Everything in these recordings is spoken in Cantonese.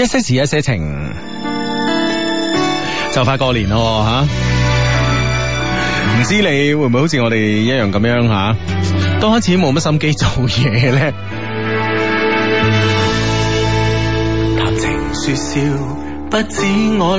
一些事一些情，就快過年咯，吓，唔知你會唔會好似我哋一樣咁樣吓，都開始冇乜心機做嘢咧。談情說笑，不止我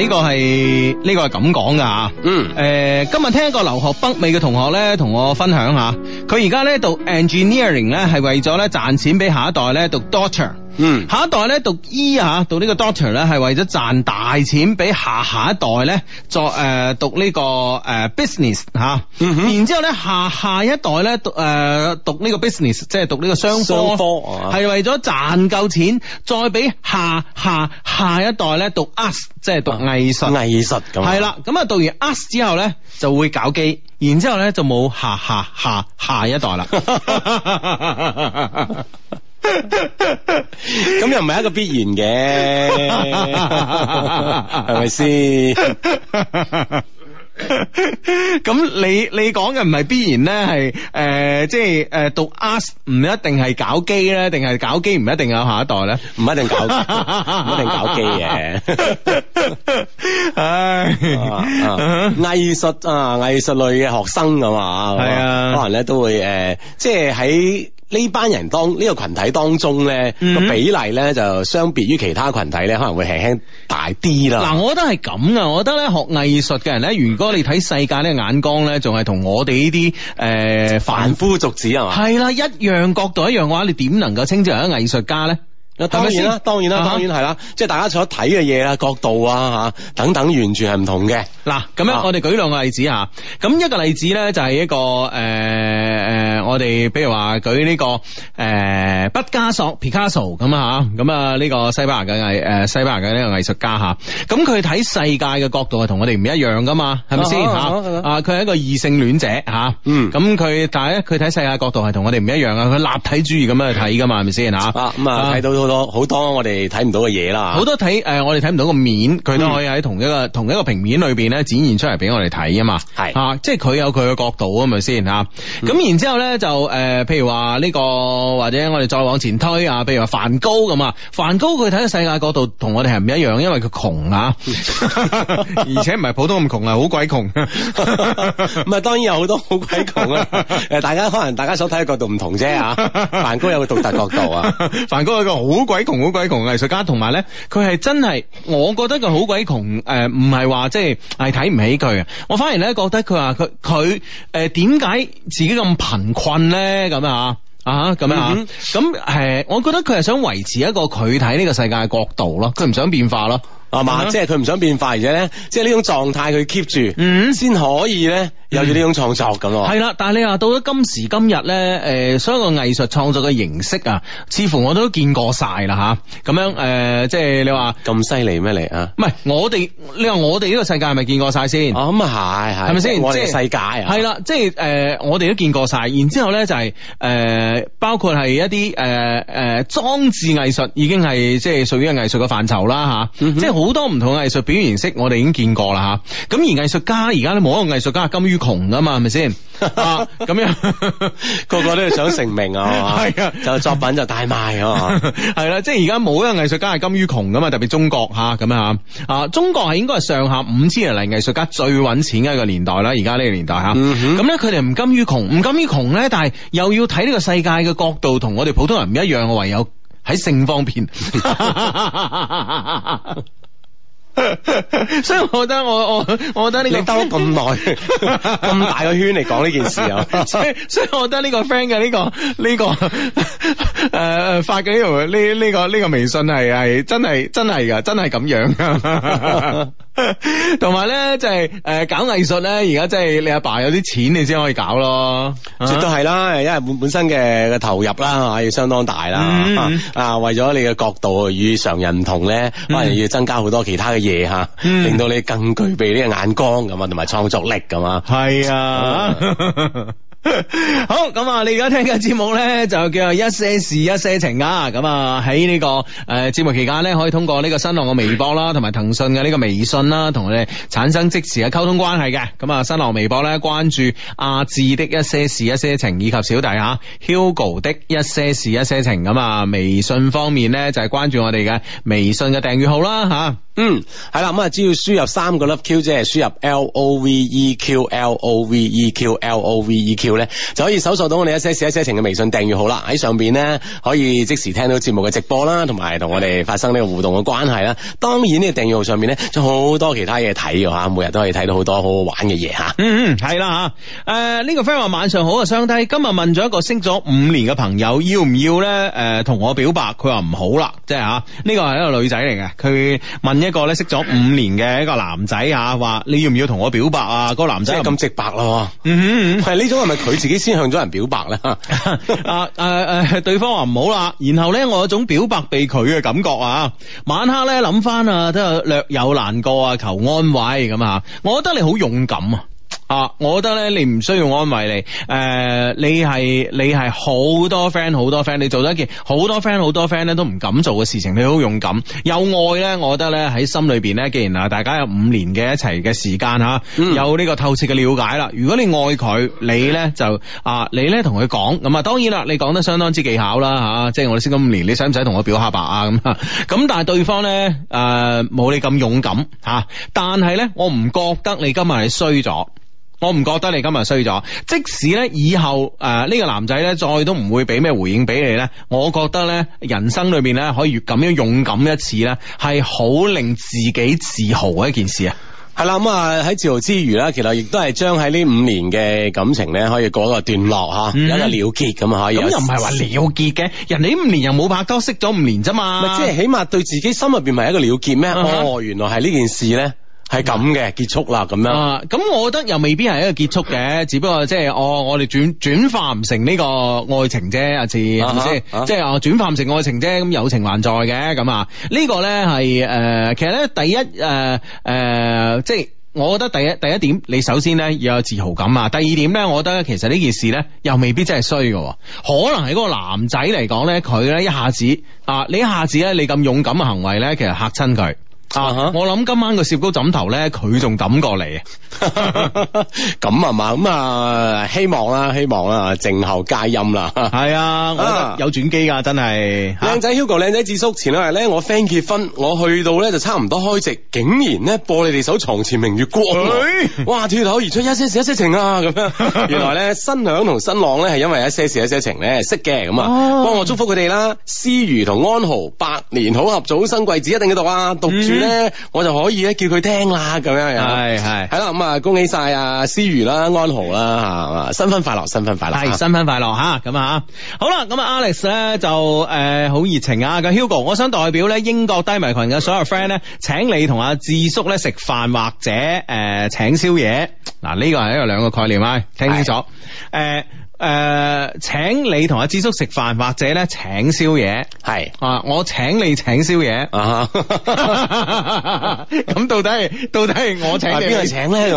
呢個係呢個係咁講噶吓。嗯，誒、呃，今日聽一個留學北美嘅同學咧，同我分享下佢而家咧讀 engineering 咧，係為咗咧賺錢俾下一代咧讀 doctor。嗯，下一代咧讀醫啊，讀呢、呃、個 doctor 咧係為咗賺大錢，俾下下一代咧作誒讀呢個誒 business 吓，然之後咧下下一代咧讀誒讀呢個 business，即係讀呢個商科，係 So far. 為咗賺夠錢，再俾下下下一代咧讀 us，即係讀藝術藝術，係啦，咁啊讀完 us 之後咧就會搞基，然之後咧就冇下下下下一代啦。咁又唔係一個必然嘅，係咪先？咁你你講嘅唔係必然咧，係誒，即係誒，讀 ask 唔一定係搞基咧，定係搞基唔一定有下一代咧，唔一定搞，唔一定搞基嘅。唉，藝術啊，藝術類嘅學生咁啊，係啊，可能咧都會誒，即係喺。呢班人當呢、呢個群體當中咧個、嗯、比例咧就相別於其他群體咧，可能會輕輕大啲啦。嗱、嗯，我覺得係咁啊。我覺得咧，學藝術嘅人咧，如果你睇世界呢個眼光咧，仲係同我哋呢啲誒凡夫俗子啊嘛？係啦，一樣角度一樣嘅話，你點能夠稱之為一藝術家咧？當然，啊、當然啦，啊、當然啦，當然係啦，即係大家所睇嘅嘢啊，角度啊嚇等等，完全係唔同嘅。嗱、啊，咁樣我哋舉兩個例子吓。咁、啊、一個例子咧就係一個誒誒、呃，我哋比如話舉呢、這個誒畢、呃、加索 Picasso 咁啊咁啊呢、這個西班牙嘅藝誒西班牙嘅呢個藝術家嚇。咁佢睇世界嘅角度係同我哋唔一樣噶嘛，係咪先嚇？啊，佢係一、啊啊、一個異性戀者嚇。咁佢但係咧，佢睇、嗯啊、世界角度係同我哋唔一樣啊。佢立體主義咁樣去睇噶嘛，係咪先嚇？咁啊，睇、啊、到。 啊啊好多我哋睇唔到嘅嘢啦，好多睇誒、呃，我哋睇唔到個面，佢都可以喺同一個同一個平面裏邊咧，展現出嚟俾我哋睇啊嘛，係是啊，即係佢有佢嘅角度啊，咪先吓，咁、嗯、然之後咧就誒、呃，譬如話呢、這個或者我哋再往前推啊，譬如話梵高咁啊，梵高佢睇嘅世界角度同我哋係唔一樣，因為佢窮啊， 而且唔係普通咁窮啊，好鬼窮，咁 啊 當然有好多好鬼窮啊，誒， 大家可能大家所睇嘅角度唔同啫，梵高有個獨特角度啊，梵高有個好、啊。 好鬼窮，好鬼窮嘅藝術家，同埋咧，佢係真係，我覺得佢好鬼窮，誒、呃，唔係話即係係睇唔起佢，我反而咧覺得佢話佢佢誒，點解、呃、自己咁貧困咧？咁啊啊，咁樣啊，咁、啊、誒、啊嗯嗯，我覺得佢係想維持一個佢睇呢個世界嘅角度咯，佢唔想變化咯。係嘛，即係佢唔想變化，而且咧，即係呢種狀態佢 keep 住，嗯，先可以咧有住呢種創作咁。係啦，但係你話到咗今時今日咧，誒，所有個藝術創作嘅形式啊，似乎我都見過晒啦吓。咁樣誒，即係你話咁犀利咩嚟啊？唔係，我哋你話我哋呢個世界係咪見過晒先？咁啊係係，係咪先？即係世界啊，係啦，即係誒，我哋都見過晒。然之後咧就係誒，包括係一啲誒誒裝置藝術，已經係即係屬於藝術嘅範疇啦吓，即係。好多唔同嘅藝術表現形式，我哋已經見過啦吓。咁而藝術家而家咧，冇一個藝術家係甘於窮噶嘛，係咪先？咁樣 個個都係想成名啊，係 啊，就作品就大賣啊，係 啦、 啊。即係而家冇一個藝術家係甘於窮噶嘛，特別中國吓咁啊啊！中國係應該係上下五千年嚟，藝術家最搵錢嘅一個年代啦，而家呢個年代吓。咁咧，佢哋唔甘於窮，唔甘於窮咧，但係又要睇呢個世界嘅角度，同我哋普通人唔一樣。我唯有喺性方面。 所以我覺得我我我覺得呢、這個，你兜咁耐咁大個圈嚟講呢件事啊， 所以所以我覺得呢個 friend 嘅呢、這個呢、這個誒、 啊、發嘅呢條呢呢個呢、這個這個這個微信係係真係真係㗎，真係咁樣。 同埋咧，就係、是、誒、呃、搞藝術咧，而家即係你阿爸，爸有啲錢你先可以搞咯，絕對係、uh huh. 啦，因為本本身嘅嘅投入啦，啊，係要相當大啦，啊，uh huh. 啊為咗你嘅角度與常人唔同咧，可能，uh huh. 要增加好多其他嘅嘢吓，uh huh. 令到你更具備呢個眼光咁啊，同埋創作力咁啊，係啊。 好咁啊！你而家聽緊節目呢，就叫一些事一些情啊！咁啊，喺呢個誒節目期間呢，可以通過呢個新浪嘅微博啦，同埋騰訊嘅呢個微信啦，同我哋產生即時嘅溝通關係嘅。咁啊，新浪微博呢，關注阿志的一些事一些情，以及小弟啊 Hugo 的一些事一些情。咁啊，微信方面呢，就係關注我哋嘅微信嘅訂閱號啦。吓，嗯，係啦，咁啊，只要輸入三個粒 Q 即係，輸入 L O V E Q L O V E Q L O V E Q。就可以搜索到我哋一些事一些情嘅微信訂閱號啦，喺上邊呢，可以即時聽到節目嘅直播啦，同埋同我哋發生呢個互動嘅關係啦。當然呢、呢個訂閱號上面呢，仲好多其他嘢睇嘅吓，每日都可以睇到好多好好玩嘅嘢吓。嗯嗯，係啦吓，誒、呃、呢、呢個 friend 話晚上好啊，雙低，今日問咗一個識咗五年嘅朋友，要唔要咧？誒、呃，同我表白，佢話唔好啦，即係吓，呢個係一個女仔嚟嘅，佢問一個咧識咗五年嘅一個男仔吓，話、啊、你要唔要同我表白啊？嗰個男仔咁直白咯，嗯，嗯嗯，係呢種係咪？佢自己先向咗人表白啦、 啊，啊誒誒、啊，對方話唔好啦，然後咧我有種表白被拒嘅感覺啊，晚黑咧諗翻啊，都有略有難過啊，求安慰咁啊，我覺得你好勇敢啊。啊，我覺得咧，你唔需要安慰你。誒、呃，你係你係好多 friend 好多 friend，你做咗一件好多 friend 好多 friend 咧都唔敢做嘅事情，你好勇敢有愛咧。我覺得咧喺心裏邊咧，既然啊，大家有五年嘅一齊嘅時間吓，嗯、有呢個透徹嘅了解啦。如果你愛佢，你咧就啊、呃，你咧同佢講咁啊。當然啦，你講得相當之技巧啦吓、啊，即係我哋先咁五年，你使唔使同我表下白啊？咁咁、呃啊，但係對方咧誒，冇你咁勇敢吓，但係咧，我唔覺得你今日係衰咗。我唔覺得你今日衰咗，即使咧以後誒呢、呃這個男仔咧再都唔會俾咩回應俾你咧，我覺得咧人生裏面咧可以越咁樣勇敢一次咧，係好令自己自豪嘅一件事啊。係啦，咁啊喺自豪之餘咧，其實亦都係將喺呢五年嘅感情咧可以過一個段落吓，有個、嗯、了結咁啊。咁、嗯、又唔係話了結嘅，人哋五年又冇拍拖，識咗五年咋嘛？咪即係起碼對自己心入邊係一個了結咩？嗯、哼哦，原來係呢件事咧。係咁嘅，結束啦咁樣啊？咁我覺得又未必係一個結束嘅， 只不過即、就、係、是哦，我我哋轉轉化唔成呢個愛情啫，阿志係咪先？即係我轉化唔成愛情啫，咁友情還在嘅咁啊？這個、呢個咧係誒，其實咧第一誒誒、呃呃，即係我覺得第一第一點，你首先咧要有自豪感啊。第二點咧，我覺得咧，其實呢件事咧，又未必真係衰㗎，可能係嗰個男仔嚟講咧，佢咧一下子啊一下子，你一下子咧，你咁勇敢嘅行為咧，其實嚇親佢。啊！Uh huh. 我諗今晚個攝高枕頭咧，佢仲抌過嚟，咁係嘛？咁啊，希望啦、啊，希望啦，靜候佳音啦。係啊，我覺得有轉機噶，真係。靚仔 Hugo，靚仔智叔，前兩日咧，我 friend 結婚，我去到咧就差唔多開席，竟然咧播你哋首《床前明月光》哎。哇！脫口而出一些事一些情啊，咁樣。 原來咧新娘同新郎咧係因為一些事一些情咧識嘅，咁啊，幫、哦、我祝福佢哋啦。思如同安豪百年好合，早生貴子，一定要讀啊，讀咧， 我就可以咧叫佢聽啦，咁樣係係係啦，咁啊恭喜晒啊思如啦，安豪啦吓，啊，新婚快樂，啊、新婚快樂，係新婚快樂吓，咁啊好啦，咁啊 Alex 咧就誒好熱情啊，咁、啊啊呃啊、Hugo，我想代表咧英國低迷群嘅所有 friend 咧，請你同阿、啊、智叔咧食飯或者誒、呃、請宵夜，嗱呢個係一個兩個概念啊，聽清楚誒。是啊啊誒，uh, 請你同阿志叔食飯，或者咧請宵夜，係啊是，uh, 我請你請宵夜，咁、 啊、 到底係到底係我請你，邊 啦個請咧？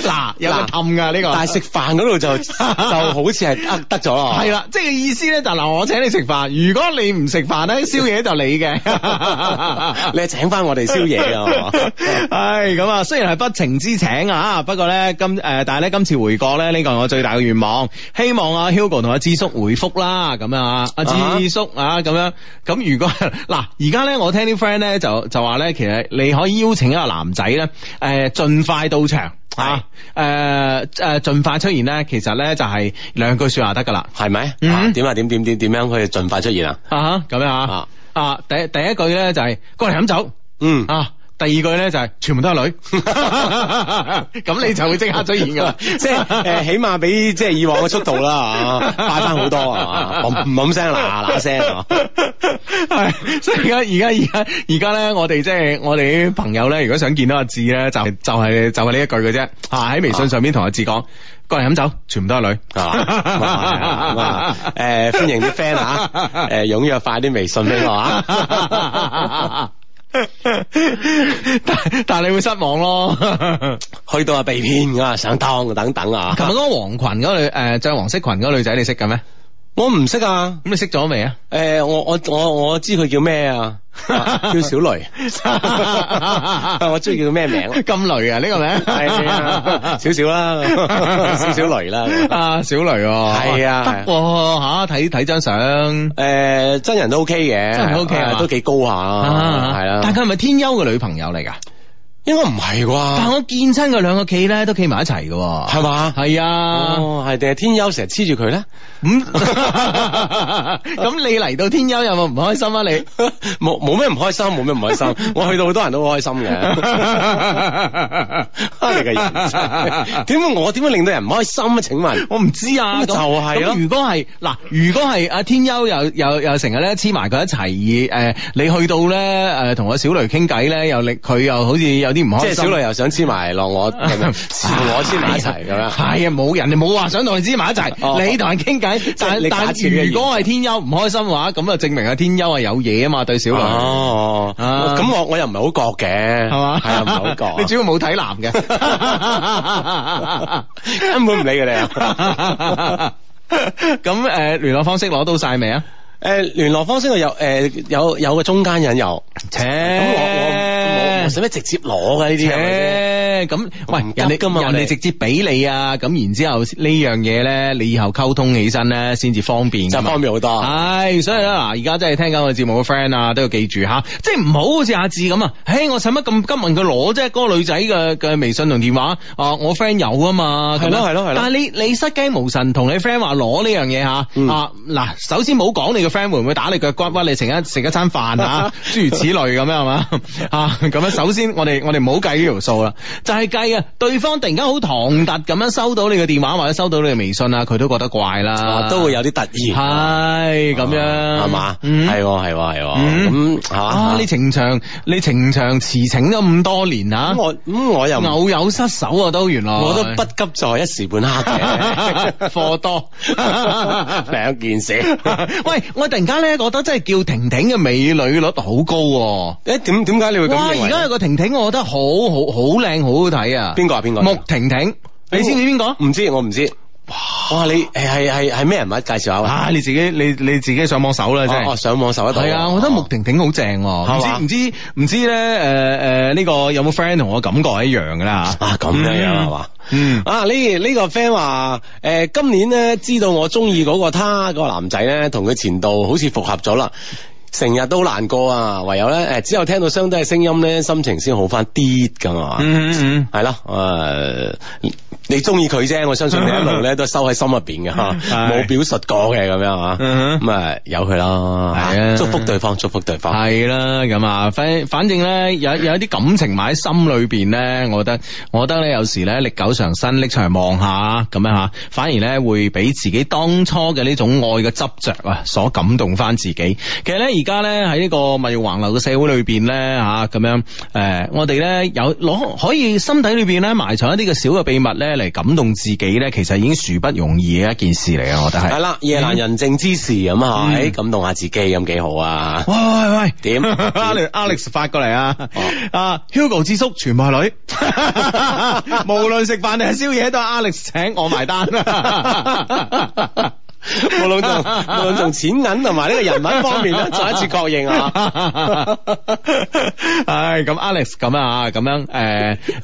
嗱啦，有得氹噶呢個，但係食飯嗰度就就好似係、呃、得咗咯，係啦， 即係意思咧就嗱，我請你食飯，如果你唔食飯咧，宵夜就你嘅。 你請翻我哋宵夜，係咁啊，雖然係不情之請啊，不過咧今誒，但係咧、呃、今次回。如果咧，呢個係我最大嘅願望，希望啊 Hugo 同阿芝叔回復啦，咁樣啊，阿芝叔啊，咁、huh. 樣咁如果嗱，而家咧我聽啲 friend 咧就就話咧，其實你可以邀請一個男仔咧，誒，盡快到場啊，誒誒、uh，盡、huh. 快出現咧，其實咧就係兩句說話得噶啦，係咪嗎？嗯，點啊？點點點點樣可以盡快出現啊？啊、uh，咁、huh, 樣啊？Uh huh. 啊，第一第一句咧就係、是、過嚟飲酒，嗯啊、uh。Huh. 第二句咧就係全部都係女，咁、pues、你就會即刻出現噶啦，即係誒起碼比即係以往嘅速度啦、nah，哦，快翻好多啊，冇冇聲嗱嗱聲，係，所以而家而家而家而家咧，我哋即係我哋啲朋友咧，如果想見到阿志咧，就就係就係呢一句嘅啫，喺微信上邊同阿志講，過嚟飲酒，全部都係女，誒歡迎啲 friend 吓，誒踊躍快啲微信俾我啊！ 但係但係你會失望咯， 去到啊被騙啊上當等等啊。琴日嗰個黃裙嗰個女誒，着、呃、黃色裙嗰個女仔你識嘅咩？我唔識啊，咁你識咗未啊？誒、欸，我我我我知佢叫咩啊？叫小雷，我知叫咩、啊、 名、啊？咁 雷啊？呢、這個名係少少啦，少 少 雷啦。啊， 小雷，係啊， 哇吓睇睇張相，誒、欸，真人都 OK 嘅，真人都 OK 啊，啊，都幾高下啊，係、 嗯啊、啦。 但佢係咪天優嘅女朋友嚟噶？應該唔係啩？但係我見親佢兩個企咧，都企埋一齊嘅，哦，係嘛吧？係啊，係定係天庥成日黐住佢咧？咁 你嚟到天庥有冇唔開心啊？你冇冇咩唔開心？冇咩唔開心？我去到好多人都好開心嘅，你 嘅 人點解我點解令到人唔開心啊？請問我唔知啊， 就係、是、啊。如果係嗱，如果係阿天庥又又又成日咧黐埋佢一齊，而誒你去到咧誒同阿小蕾傾偈咧，又令佢又好似又。啲唔開，即係小女又想黐埋落我，黐我黐埋一齊咁樣。係啊，冇人哋冇話想同你黐埋一齊，你同人傾偈，但你。如果係天優唔開心嘅話，咁啊證明啊天優係有嘢啊嘛對小女，哦，咁我我又唔係好覺嘅，係嘛？係啊，唔係好覺。你主要冇睇男嘅，根本唔理佢哋。咁誒，聯絡方式攞到晒未啊？誒、呃，聯絡方式度有誒、呃、有有個中間引遊，切咁的我我我使乜直接攞嘅呢啲，咁喂人哋家你人哋直接俾你啊，咁然之後呢樣嘢咧，你以後溝通起身咧先至方便，就方便好多。係，所以咧嗱，而家真係聽緊我節目嘅 friend 啊，都要記住吓，即係唔好好似阿志咁啊，嘿，我使乜咁急問佢攞啫？嗰、嗰個女仔嘅嘅微信同電話啊，我 friend 有啊嘛，係咯係咯係。但係你你，你失驚無神同你 friend 話攞呢樣嘢吓。嗯、啊嗱，首先冇講你嘅。friend 會唔會打你腳骨，屈你食一食一餐飯啊？諸如此類咁樣係嘛？ 啊，咁樣首先我哋我哋唔好計呢條數啦，就係計啊！對方突然間好唐突咁樣收到你嘅電話或者收到你嘅微信啦，佢都覺得怪啦，啊，都會有啲突然，係咁樣係嘛？係係係咁啊！嗯哦哦，你情長，你情長，痴情咗咁多年啊，我我，我又偶有失手啊，都原來我都不急在一時半刻嘅。貨 多兩多 兩件事， 喂。我突然間咧覺得真係叫婷婷嘅美女率好高，啊，誒點點解你會咁認為？而家有個婷婷，我覺得好好好靚，好好睇啊！邊個啊？邊個，啊？穆婷婷，我你知唔、啊、知邊個？唔知，我唔知。哇！你係係係咩人物介紹下、啊？你自己你你自己上網搜啦，真係哦、啊啊！上網搜一睇。啊！我覺得穆婷婷好正，唔、啊、知唔知唔知咧誒誒呢個有冇 friend 同我感覺一樣嘅咧？啊咁樣樣係嘛？嗎嗯啊呢呢、呢個 friend 話誒今年咧知道我中意嗰個他、嗰個男仔咧，同佢前度好似復合咗啦，成日都難過啊！唯有咧誒、呃、只有聽到相低嘅聲音咧，心情先好翻啲㗎嘛。嗯嗯、呃、嗯，係啦，誒。你中意佢啫，我相信你一路咧都係收喺心入邊嘅，吓冇 表述過嘅咁樣啊。咁啊， 由佢咯，係啊，祝福對方，祝福對方，係啦。咁啊，反反正咧有有一啲感情埋喺心裏邊咧，我覺得我覺得咧有時咧歷久常新，拎出嚟望下咁樣吓，反而咧會俾自己當初嘅呢種愛嘅執着啊，所感動翻自己。其實咧而家咧喺呢個物欲橫流嘅社會裏邊咧吓咁樣，誒，我哋咧有攞可以心底裏邊咧埋藏一啲嘅小嘅秘密咧。嚟感動自己咧，其實已經殊不容易嘅一件事嚟嘅，我覺得係。係 啦，夜闌、嗯、人靜之時咁啊，係感動下自己咁幾好啊。喂喂，點？Alex 發過嚟啊，啊、oh.，Hugo 之叔全部係女， 無論食飯定係宵夜都係 Alex 請我埋單。 無論無論從錢銀同埋呢個人品方面咧，再一次確認啊！ 唉，咁 Alex 咁啊，咁樣誒誒，好、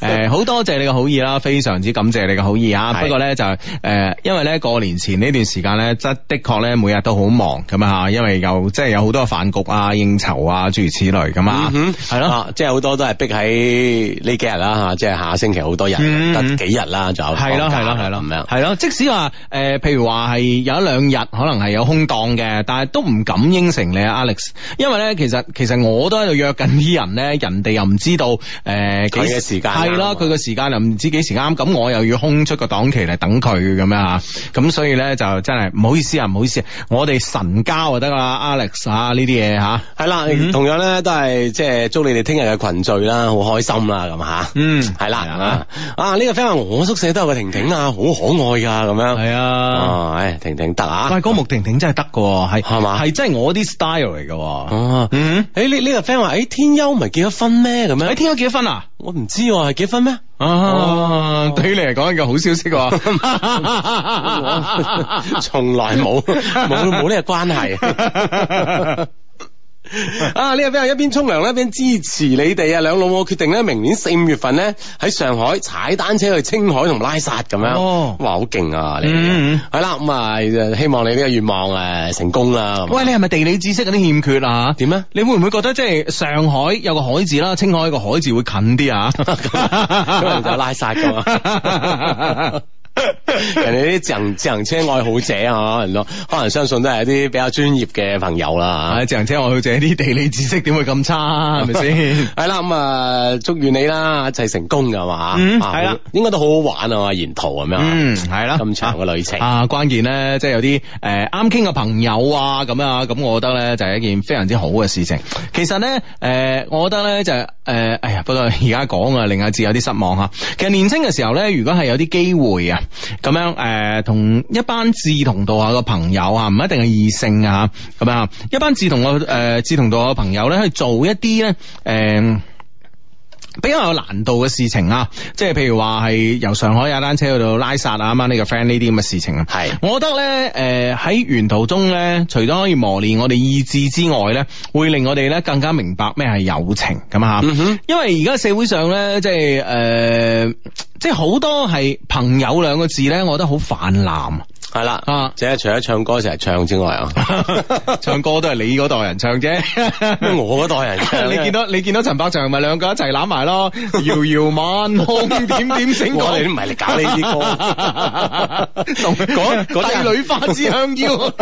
呃呃、多謝你嘅好意啦，非常之感謝你嘅好意啊！是不過咧就係誒、呃，因為咧過年前呢段時間咧，即的確咧每日都好忙咁啊，因為有即係有好多飯局啊、應酬啊，諸如此類咁、嗯、哼了啊，係咯、啊，即係好多都係逼喺呢幾日啦吓，即係下星期好多人得、嗯、哼幾日啦，就係咯係咯係咯咁樣，係咯了，即使話誒、呃，譬如話係有兩日可能係有空檔嘅，但係都唔敢應承你啊 Alex，因為咧其實其實我都喺度約緊啲人咧，人哋又唔知道誒佢嘅時間係咯，佢嘅對樣時間又唔知幾時啱，咁我又要空出個檔期嚟等佢咁樣啊，咁所以咧就真係唔好意思啊，唔好意思、啊，我哋神交就得啦，Alex 啊呢啲嘢，吓，係啦、啊，同樣咧都係即係祝你哋聽日嘅群聚啦，好開心啦咁吓，嗯，係啦啊，呢、呢個 friend 話我宿舍都有個婷婷啊，好可愛噶咁樣，係、哎、啊，唉婷婷。但係嗰穆婷婷真係得嘅，係係嘛，係吧真係我啲 style 嚟嘅。哦、啊，嗯，誒、欸，呢呢個 friend 話，誒、欸，天佑唔係結咗婚咩？咁樣，誒，天佑結咗婚啊？我唔知，係結婚咩？啊，啊啊對於你嚟講一個好消息、啊，從 來冇冇冇呢個關係。 啊！呢一邊一邊沖涼咧，一邊支持你哋啊！兩老決定咧，明年四五月份咧喺上海踩單車去青海同埋拉薩咁樣，噢哇！好勁啊！你係啦，咁啊、嗯嗯，ita, 希望你呢個願望誒成功啦！喂，你係咪地理知識有啲欠缺啊？會會就是、點啊？你會唔會覺得即係上海有個海字啦，青海個海字會近啲啊？咁啊，就拉薩咁啊。 人哋啲自行自行車愛好者啊，可能相信都係一啲比較專業嘅朋友啦嚇。自行車愛好者啲地理知識點會咁差啊？係咪先？係 啦，咁、嗯、啊，祝願你啦，一齊成功㗎嘛嚇。係啦、嗯，應該都好好玩啊，沿途咁樣。嗯，係啦，咁長嘅旅程啊，關鍵咧即係有啲誒啱傾嘅朋友啊咁啊，咁我覺得咧就係一件非常之好嘅事情。其實呢，誒、呃，我覺得呢、就係，就、呃、誒，哎呀，不過而家講啊，令阿志有啲失望嚇。其實年輕嘅時候呢，如果係有啲機會啊～咁樣誒，同、呃、一班志同道合嘅朋友啊，唔一定係異性啊吓，咁樣啊，一班志同嘅誒，志同道合嘅朋友咧，去做一啲咧誒，呃比較有難度嘅事情啊，即係譬如話係由上海踩單車去到拉薩啊，啱啱呢個 friend 呢啲咁嘅事情啊，係是我覺得咧，誒喺沿途中咧，除咗可以磨練我哋意志之外咧，會令我哋咧更加明白咩係友情咁啊，嗯、哼因為而家社會上咧，即係誒、呃，即係好多係朋友兩個字咧，我覺得好泛濫。係啦，即係除咗唱歌成日唱之外，啊， 唱歌都係你嗰代人唱啫， 我嗰代人 你。你見到你見到陳百祥咪兩個一齊攬埋咯，遙遙晚空點點醒覺。我哋唔係嚟搞呢啲歌，同你講，嗰嗰啲帝女花之香夭，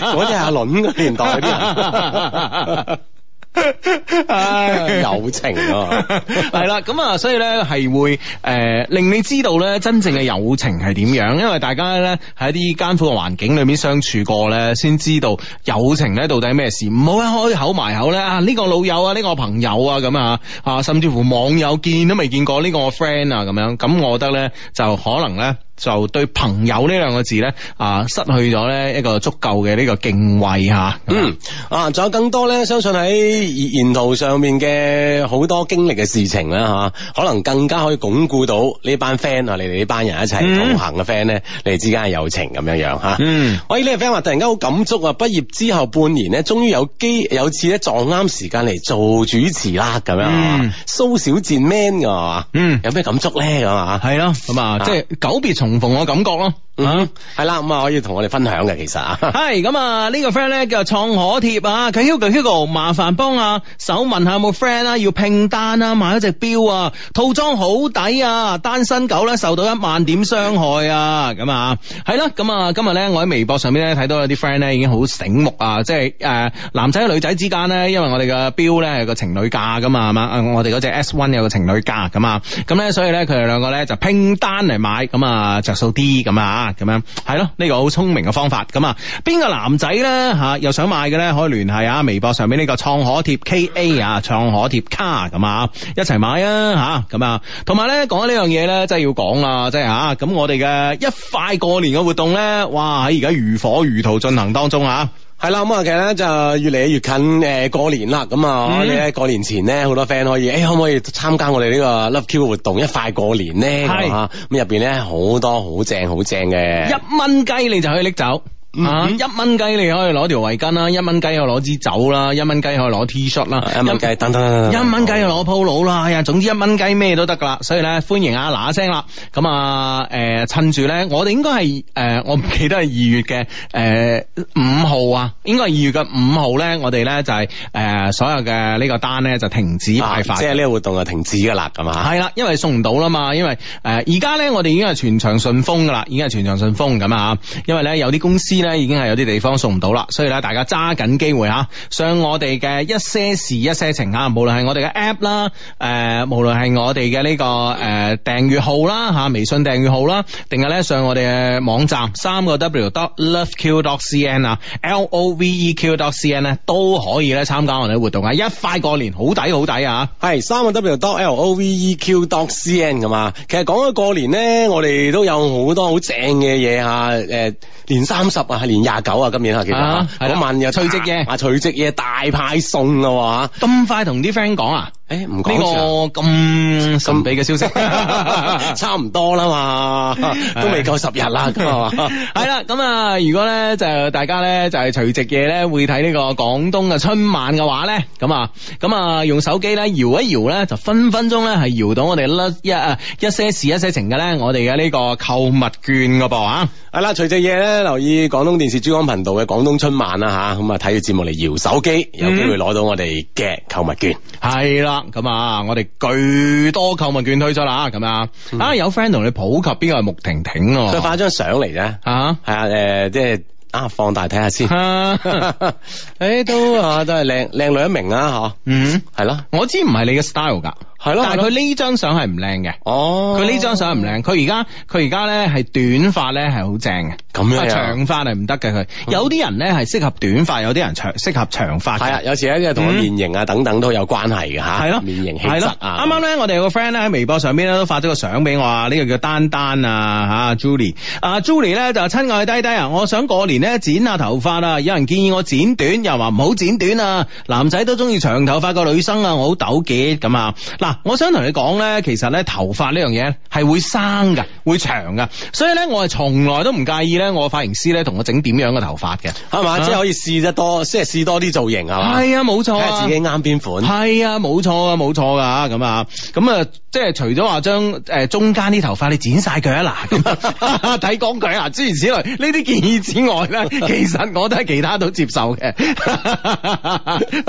嗰 隻 阿倫嘅年代嗰啲人。 友情啊，係啦，咁啊，所以呢，係會誒令你知道呢，真正嘅友情係點樣，因為大家呢，喺啲艱苦嘅環境裏面相處過呢，先知道友情呢到底係咩事。唔好一開口埋口呢，啊，呢個老友啊，呢個朋友啊咁啊啊，甚至乎網友見都未見過呢個 friend 啊咁樣，咁我覺得呢，就可能呢。就對朋友呢兩個字咧啊，失去咗咧一個足夠嘅呢個敬畏吓。嗯啊，仲有更多咧，相信喺沿途上面嘅好多經歷嘅事情啦吓，啊，可能更加可以鞏固到呢班 friend 啊，你哋呢班人一齊同行嘅 friend 咧，你哋之間嘅友情咁樣樣吓。嗯，可以我呢位 friend 話突然間好感觸啊，畢業之後半年咧，終於有機有次咧撞啱時間嚟做主持啦，咁樣蘇小賤 man 噶，嗯，有咩感觸咧咁啊？係咯、嗯 so，咁啊、嗯 prere Paris，即係久別。重逢嘅感覺咯。嗯、啊，係啦，咁 啊，這個、可以同我哋分享嘅其實啊，係咁啊，呢個 friend 咧叫創可貼啊，佢 Hugo Hugo，麻煩幫啊，手問下有冇 friend 啊要拼單啊買一隻表啊，套裝好抵啊，單身狗咧受到一萬點傷害啊，咁啊，係啦、啊，咁啊，今日咧我喺微博上邊咧睇到有啲 friend 咧已經好醒目啊，即係誒、呃，男仔女仔之間咧，因為我哋嘅表咧係個情侶價噶嘛，係、啊、嘛，我哋嗰隻 S One 有個情侶價咁啊，咁咧所以咧佢哋兩個咧就拼單嚟買，咁啊着數啲咁啊。咁樣係咯，呢個好聰明嘅方法。咁啊，邊個男仔呢？吓又想買嘅呢？可以聯繫啊，微博上面呢個創可貼 K A 啊，創可貼卡咁啊，一齊買啊吓咁啊。同埋呢，講呢樣嘢呢，真係要講啦，真係吓。咁我哋嘅一塊過年嘅活動呢，哇喺而家如火如荼進行當中啊。係啦，咁其實咧就越嚟越近誒過年啦，咁啊喺過年前咧，好多 friend 可以誒、欸、可唔可以參加我哋呢個 Love Q 活動，一塊過年咧？係啊，咁入邊咧好多好正好正嘅，一蚊雞你就可以拎走。嗯、一蚊雞你可以攞條圍巾啦，一蚊雞可以攞支酒啦，一蚊雞可以攞 T 恤啦、啊，一蚊雞一等等，等，等一蚊雞又攞鋪腦啦，呀、嗯！總之一蚊雞咩都得噶啦，所以咧歡迎啊嗱聲啦，咁啊誒趁住咧，我哋應該係誒、呃、我唔記得係二月嘅誒五號啊，應該係二月嘅五號咧，我哋咧就係、是、誒、呃、所有嘅呢個單咧就是、停止派發、啊，即係呢個活動就停止噶啦，咁嘛、啊？係啦，因為送唔到啦嘛，因為誒而家咧我哋已經係全場順豐噶啦，已經係全場順豐咁啊，因為咧有啲公司。咧已經係有啲地方送唔到啦，所以咧大家揸緊機會嚇、啊，上我哋嘅一些事一些情嚇、啊，無論係我哋嘅 app 啦，誒，無論係我哋嘅呢個誒、呃、訂閱號啦嚇、啊，微信訂閱號啦，定係咧上我哋嘅網站三個 w dot loveq dot cn 啊，l o v e q dot c n 咧都可以咧參加我哋嘅活動啊，一快過年好抵好抵啊！係三個 w dot l o v e q dot c n 係、啊、嘛？其實講咗過年咧，我哋都有好多好正嘅嘢啊。誒年三十。係年廿九啊！今年啊，其實嗰晚又除夕夜，除夕夜大派送啊！哇，咁快同啲 friend 講啊！誒，唔呢、欸、個咁神秘嘅消息。 差唔多啦嘛，都未夠十日啦，咁啊，係啦，咁啊，如果咧就大家咧就係除夕夜咧會睇呢個廣東嘅春晚嘅話咧，咁啊，咁啊，用手機咧搖一搖咧，就分分鐘咧係搖到我哋一啊一些事一些情嘅咧，我哋嘅呢個購物券嘅噃吓，係啦，除夕夜咧留意廣東電視珠江頻道嘅廣東春晚啦吓，咁啊睇住節目嚟搖手機，有機會攞到我哋嘅購物券，係啦、嗯。咁啊，我哋巨多購物券推出啦，咁、嗯、啊，啊有 friend 同你普及邊個係穆婷婷喎，佢、啊、發張相嚟啫，吓，係啊，誒、啊，即係啊，放大睇下先、啊，誒、 欸，都啊，都係靚靚女一名啊，嚇、啊，嗯，係咯、啊，我知唔係你嘅 style 噶。係咯，但係佢呢張相係唔靚嘅。哦，佢呢張相唔靚。佢而家佢而家咧係短髮咧係好正嘅。咁樣啊，長髮係唔得嘅。佢、嗯、有啲人咧係適合短髮，有啲人長適合長髮。係啊，有時咧同個面型啊等等都有關係嘅吓。係咯、嗯，的面型氣質啊。啱啱咧我哋有個 friend 咧喺微博上邊咧都發咗個相俾我啊。呢、這個叫丹丹啊吓，Julie 啊 Julie 咧就親愛低低啊，我想過年咧剪下頭髮啊。有人建議我剪短，又話唔好剪短啊。男仔都中意長頭髮嘅女生啊，我好糾結咁啊。嗱。我想同你講咧，其實咧頭髮呢樣嘢係會生噶，會長噶，所以咧我係從來都唔介意咧，我髮型師咧同我整點樣嘅頭髮嘅，係嘛吧，啊、即係可以試得多，即係試多啲造型係嘛，係啊，冇錯、啊，睇下自己啱邊款，係啊，冇錯噶，冇錯噶，咁啊，咁啊。即係除咗話將誒、呃、中間啲頭髮你剪晒佢啊嗱，睇講句啊，諸如此類呢啲建議之外咧，其實我都係其他都接受嘅。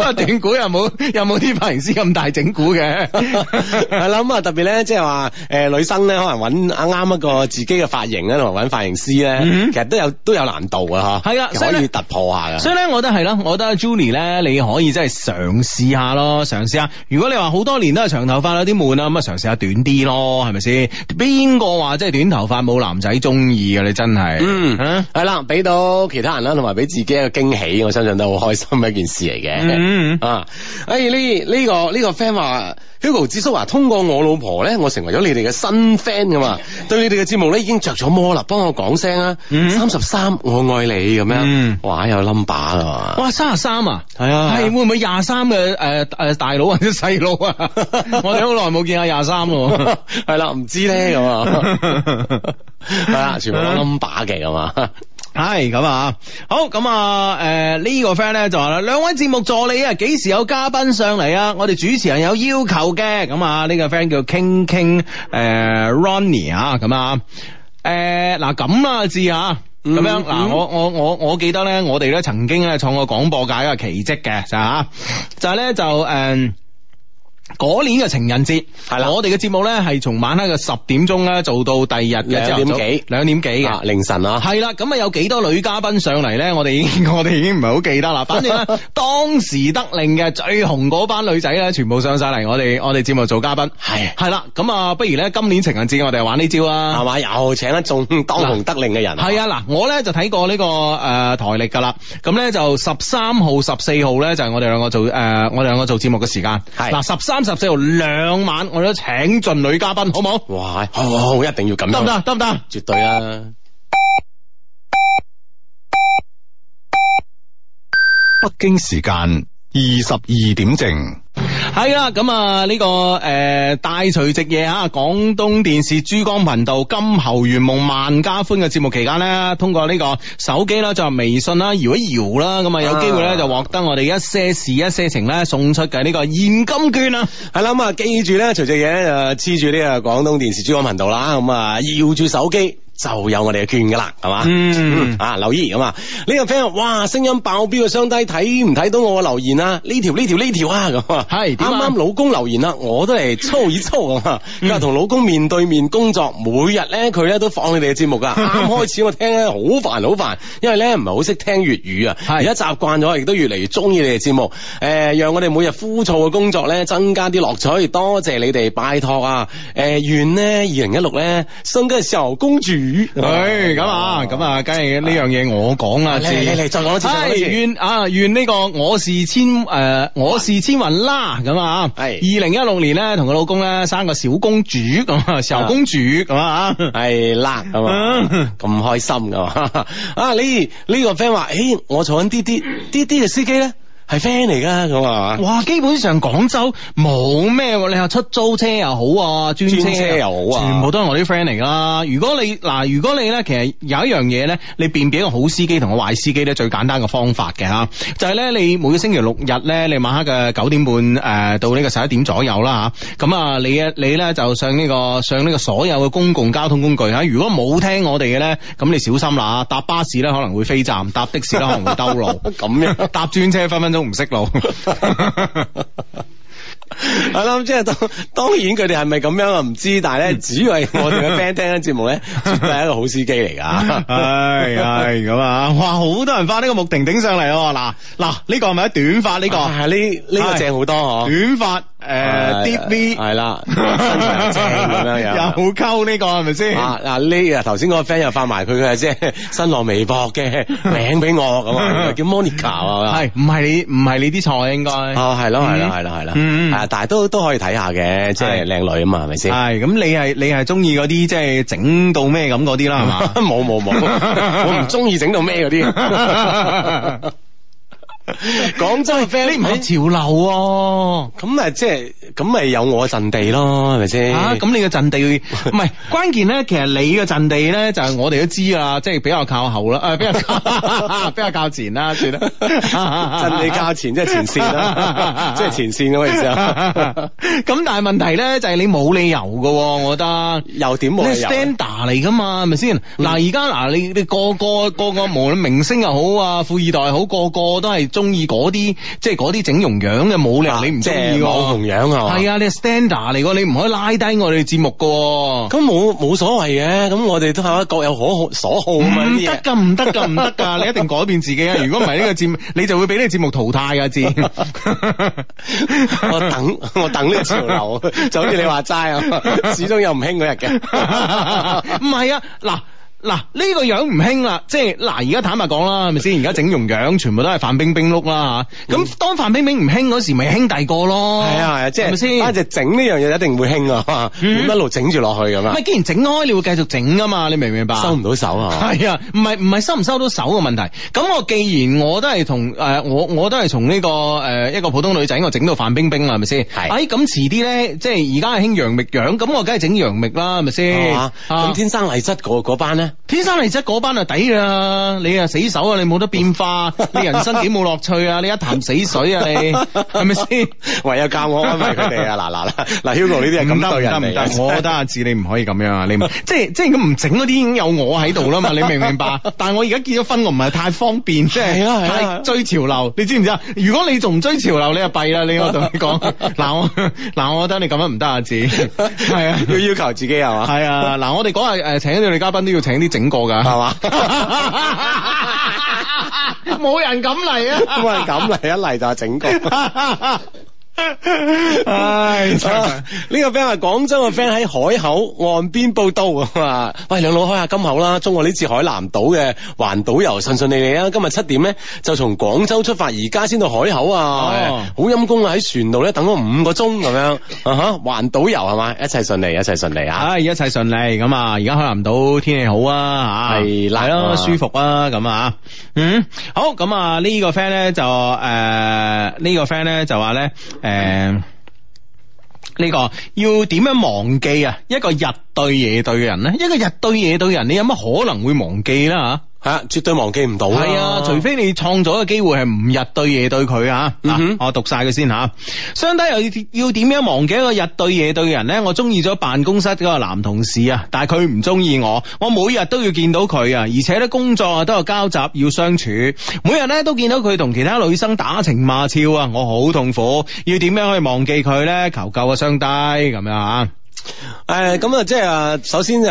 啊 整蠱又冇又冇啲髮型師咁大整蠱嘅。係 啦、 嗯，特別咧即係話誒女生咧，可能揾啱啱一個自己嘅髮型啊，同埋揾髮型師咧，其實都有都有難度嘅嚇。係啊的，所以突破下嘅。所以咧，我覺得係咯，我覺得 Juni 咧，你可以真係嘗試下咯，嘗試下。如果你話好多年都係長頭髮有啲悶啊咁啊，試下短啲咯，係咪先？邊個話即係短頭髮冇男仔中意嘅？你真係，嗯，係啦、啊，俾到其他人啦，同埋俾自己一個驚喜，我相信都好開心一件事嚟嘅。嗯，嗯，嗯啊，哎呢呢個呢個 friend 話。這個 Hugo 智叔啊，通過我老婆咧，我成為咗你哋嘅新 friend 噶嘛，對你哋嘅節目咧已經着咗魔啦，幫我講聲啊，三十三，33，我愛你咁樣，嗯、哇有 number 啊哇三十三啊，係啊，係、啊、會唔會廿三嘅誒誒大佬或者細佬啊？ 我哋好耐冇見啊廿三喎，係 啦，唔知咧咁啊，係啦， 全部有 number 嘅咁啊。 係咁啊，好咁啊，誒、呃、呢、這個 friend 咧就話啦，兩位節目助理啊，幾時有嘉賓上嚟啊？我哋主持人有要求嘅，咁啊呢個 friend 叫傾傾誒 Ronnie 啊，咁、這個呃、啊，誒嗱咁啊字啊，咁樣嗱、啊啊啊，我我我我記得咧，我哋咧曾經咧創過廣播界一個奇跡嘅就係吓，就係、是、咧就誒。呃嗰年嘅情人節係啦，的我哋嘅節目咧係從晚黑嘅十點鐘咧做到第二日嘅兩點幾兩上點幾嘅凌晨啦，啊。係啦，咁啊有幾多女嘉賓上嚟咧？我哋我哋已經唔係好記得啦。反正咧當時得令嘅最紅嗰班女仔咧，全部上晒嚟我哋我哋節目做嘉賓係係啦。咁啊的，不如咧今年情人節我哋玩呢招啊，係嘛，又請一眾當紅得令嘅人係啊。嗱，我咧就睇過呢個誒台曆噶啦。咁咧就十三號、十四號咧就係我哋兩個做誒我哋兩個做節目嘅時間係嗱十三。三十四號兩晚，我哋都請盡女嘉賓，好冇？哇，好，好，好，一定要咁樣，得唔得？得唔得？絕對啊！北京時間二十二點正。係啦，咁啊呢個誒大除夕夜啊，廣東電視珠江頻道《金猴圓夢萬家歡》嘅節目期間咧，通過呢個手機啦，就微信啦，搖一搖啦，咁啊有機會咧就獲得我哋一些事一些情咧送出嘅呢個現金券啊！係啦，啊，咁啊記住咧，除夕夜咧就黐住呢個廣東電視珠江頻道啦，咁啊搖住手機。就有我哋嘅券噶啦，係嘛？嗯啊，留意咁啊！呢個 friend，哇，聲音爆表嘅雙低，睇唔睇到我嘅留言啊？呢條呢條呢條啊！咁啊，係啱啱老公留言啦，我都嚟操一操咁啊！佢話同老公面對面工作，每日咧佢咧都放你哋嘅節目噶。啱開始我聽咧好煩好煩，因為咧唔係好識聽粵語啊。而家習慣咗，亦都越嚟越中意你哋節目。誒，讓我哋每日枯燥嘅工作咧，增加啲樂趣。多謝你哋，拜託啊！誒，願咧二零一六咧，新嘅時候公主。魚，咁啊，咁啊，這個，梗係呢樣嘢我講啦，嚟嚟嚟，再講一次，係願啊願呢個我是千誒、呃、我是千雲啦，咁啊，係二零一六年咧，同佢老公咧生個小公主咁，啊，小公主咁啊，係、啊哎、啦，咁啊，咁開心噶， 啊呢呢、這個 friend 話，誒、這個欸，我坐緊啲啲啲啲嘅司機咧。係 friend 嚟噶，咁啊！哇，基本上廣州冇咩喎，你話出租車又好啊，專車又好啊，全部都係我啲 friend 嚟噶啦。如果你嗱，如果你咧，其實有一樣嘢咧，你辨別一個好司機同個壞司機咧，最簡單嘅方法嘅吓，就係、是、咧，你每個星期六日咧，你晚黑嘅九點半誒到呢個十一點左右啦吓，咁啊，你啊你咧就上呢、這個上呢個所有嘅公共交通工具吓，啊，如果冇聽我哋嘅咧，咁你小心啦，搭巴士咧可能會飛站，搭的士咧可能會兜路，咁 樣搭專車分分。 都唔識路，係啦，即係當當然佢哋係咪咁樣啊？唔知，但係咧，只要係我哋嘅 friend 聽緊節目咧，絕係 一個好司機嚟㗎。係，係咁啊！哇，好多人發呢、這個木婷婷上嚟啊！嗱嗱，呢個係咪短髮呢個？係呢呢個正好多呵，哎、短髮。誒 deep V 係啦，新娘仔咁樣又又溝呢個係咪先？啊嗱呢啊頭先個 friend 又發埋佢嘅即係新浪微博嘅名俾我咁 啊，叫 Monica 啊，係唔係你唔係你啲菜應該哦，係咯係咯係咯係咯，嗯啊、 uh, 但係都都可以睇下嘅，即係靚女啊嘛係咪先？係咁 你係你係中意嗰啲即係整到咩咁嗰啲啦？冇冇冇，我唔中意整到咩嗰啲。 廣州嘅 f 你唔係潮流，啊，咁誒、啊，即係咁咪有我嘅陣地咯，係咪先？吓、啊，咁你嘅陣地唔係關鍵咧。其實你嘅陣地咧，就係、是、我哋都知啊，即、就、係、是、比較靠後啦，誒、啊，比較 比較靠前啦，算啦，陣 地靠前即係、就是、前綫啦，即係、 啊啊、前綫咁嘅意思。咁、 啊、但係問題咧，就係、是、你冇理由噶，我覺得 又點冇？你 standard 嚟噶嘛，係咪先？嗱，而家嗱，你你個個個個無論明星又好啊，富二代好，個個都係。中意嗰啲即係嗰啲整容樣嘅冇，啊、你你唔中意個。整容棒、啊、樣係係啊，你係 standard 嚟嘅，你唔可以拉低我哋節目嘅。咁冇冇所謂嘅，咁我哋都係各有可好所好嘛。唔得噶，唔得噶，唔得噶，你一定改變自己啊！如果唔係呢個節目，你就會俾呢個節目淘汰嘅節。 我等我等呢個潮流， 就好似你話齋 啊，始終又唔興嗰日嘅。唔係啊，嗱。嗱呢個樣唔興啦，即係嗱而家坦白講啦，係咪先？而家整容樣全部都係范冰冰碌啦。咁當范冰冰唔興嗰時，咪興第個咯。係啊係啊，即係咪先？反正整呢樣嘢一定會興啊，會一、嗯、路整住落去咁啊。咪既然整開，你會繼續整啊嘛？你明唔明白？收唔到手啊？係啊，唔係唔係收唔收到手嘅問題。咁我既然我都係同誒、呃、我我都係從呢個誒、呃、一個普通女仔，我整到范冰冰啦，係咪先？係是。哎咁遲啲咧，即係而家係興楊冪樣，咁我梗係整楊冪啦，係咪先？嚇、啊！咁天生麗質嗰班咧？天生麗質嗰班啊，抵啊！你啊死守啊，你冇得變化，你人生幾冇樂趣啊！你一潭死水啊！你係咪先？唯有教我安排佢哋啊！嗱嗱嗱，嗱 Hugo 呢啲係咁對人嚟，我覺得阿志你唔可以咁樣啊！你即係即係咁唔整嗰啲，已經有我喺度啦嘛！你明唔明白？但係我而家結咗婚，我唔係太方便，即係追潮流。你知唔知啊？如果你仲唔追潮流，你就弊啦！你我同你講，嗱我嗱我覺得你咁樣唔得，阿志係啊要要求自己係嘛？係啊！嗱我哋講下誒，請啲女嘉賓都要請。啲整過噶吧，係嘛？冇人敢嚟啊！冇人敢嚟，一嚟就係整過。 唉、 哎，呢 個 friend 話廣州嘅 friend 喺海口岸邊報到咁啊！ 喂，兩老開下金口啦，祝我呢次海南島嘅環島遊順順利利啊！今日七點咧就從廣州出發，而家先到海口啊，哦、好陰功啊！喺船度咧等咗五個鐘咁樣，吓，環島遊係嘛？一切順利，一切順利啊！唉、哎，一切順利咁啊！而家海南島天氣好啊，係係咯，舒服啊，咁啊，嗯，好咁啊，個呃這個、呢個 friend 咧就誒，呢個 friend 咧就話咧。誒，呢、uh, 嗯這個要點樣忘記啊？一個日對夜對嘅人咧，一個日對夜對嘅人，你有乜可能會忘記啦？吓。吓、啊，絕對忘記唔到係啊，除非你創造嘅機會係唔日對夜對佢啊嗱、嗯哼啊，我讀晒佢先吓、啊。相低又要要點樣忘記一個日對夜對嘅人呢？我中意咗辦公室嗰個男同事啊，但係佢唔中意我，我每日都要見到佢啊，而且咧工作啊都有交集要相處，每日咧都見到佢同其他女生打情罵俏啊，我好痛苦，要點樣可以忘記佢呢？求救啊，相低咁樣啊！誒，咁啊，即係首先就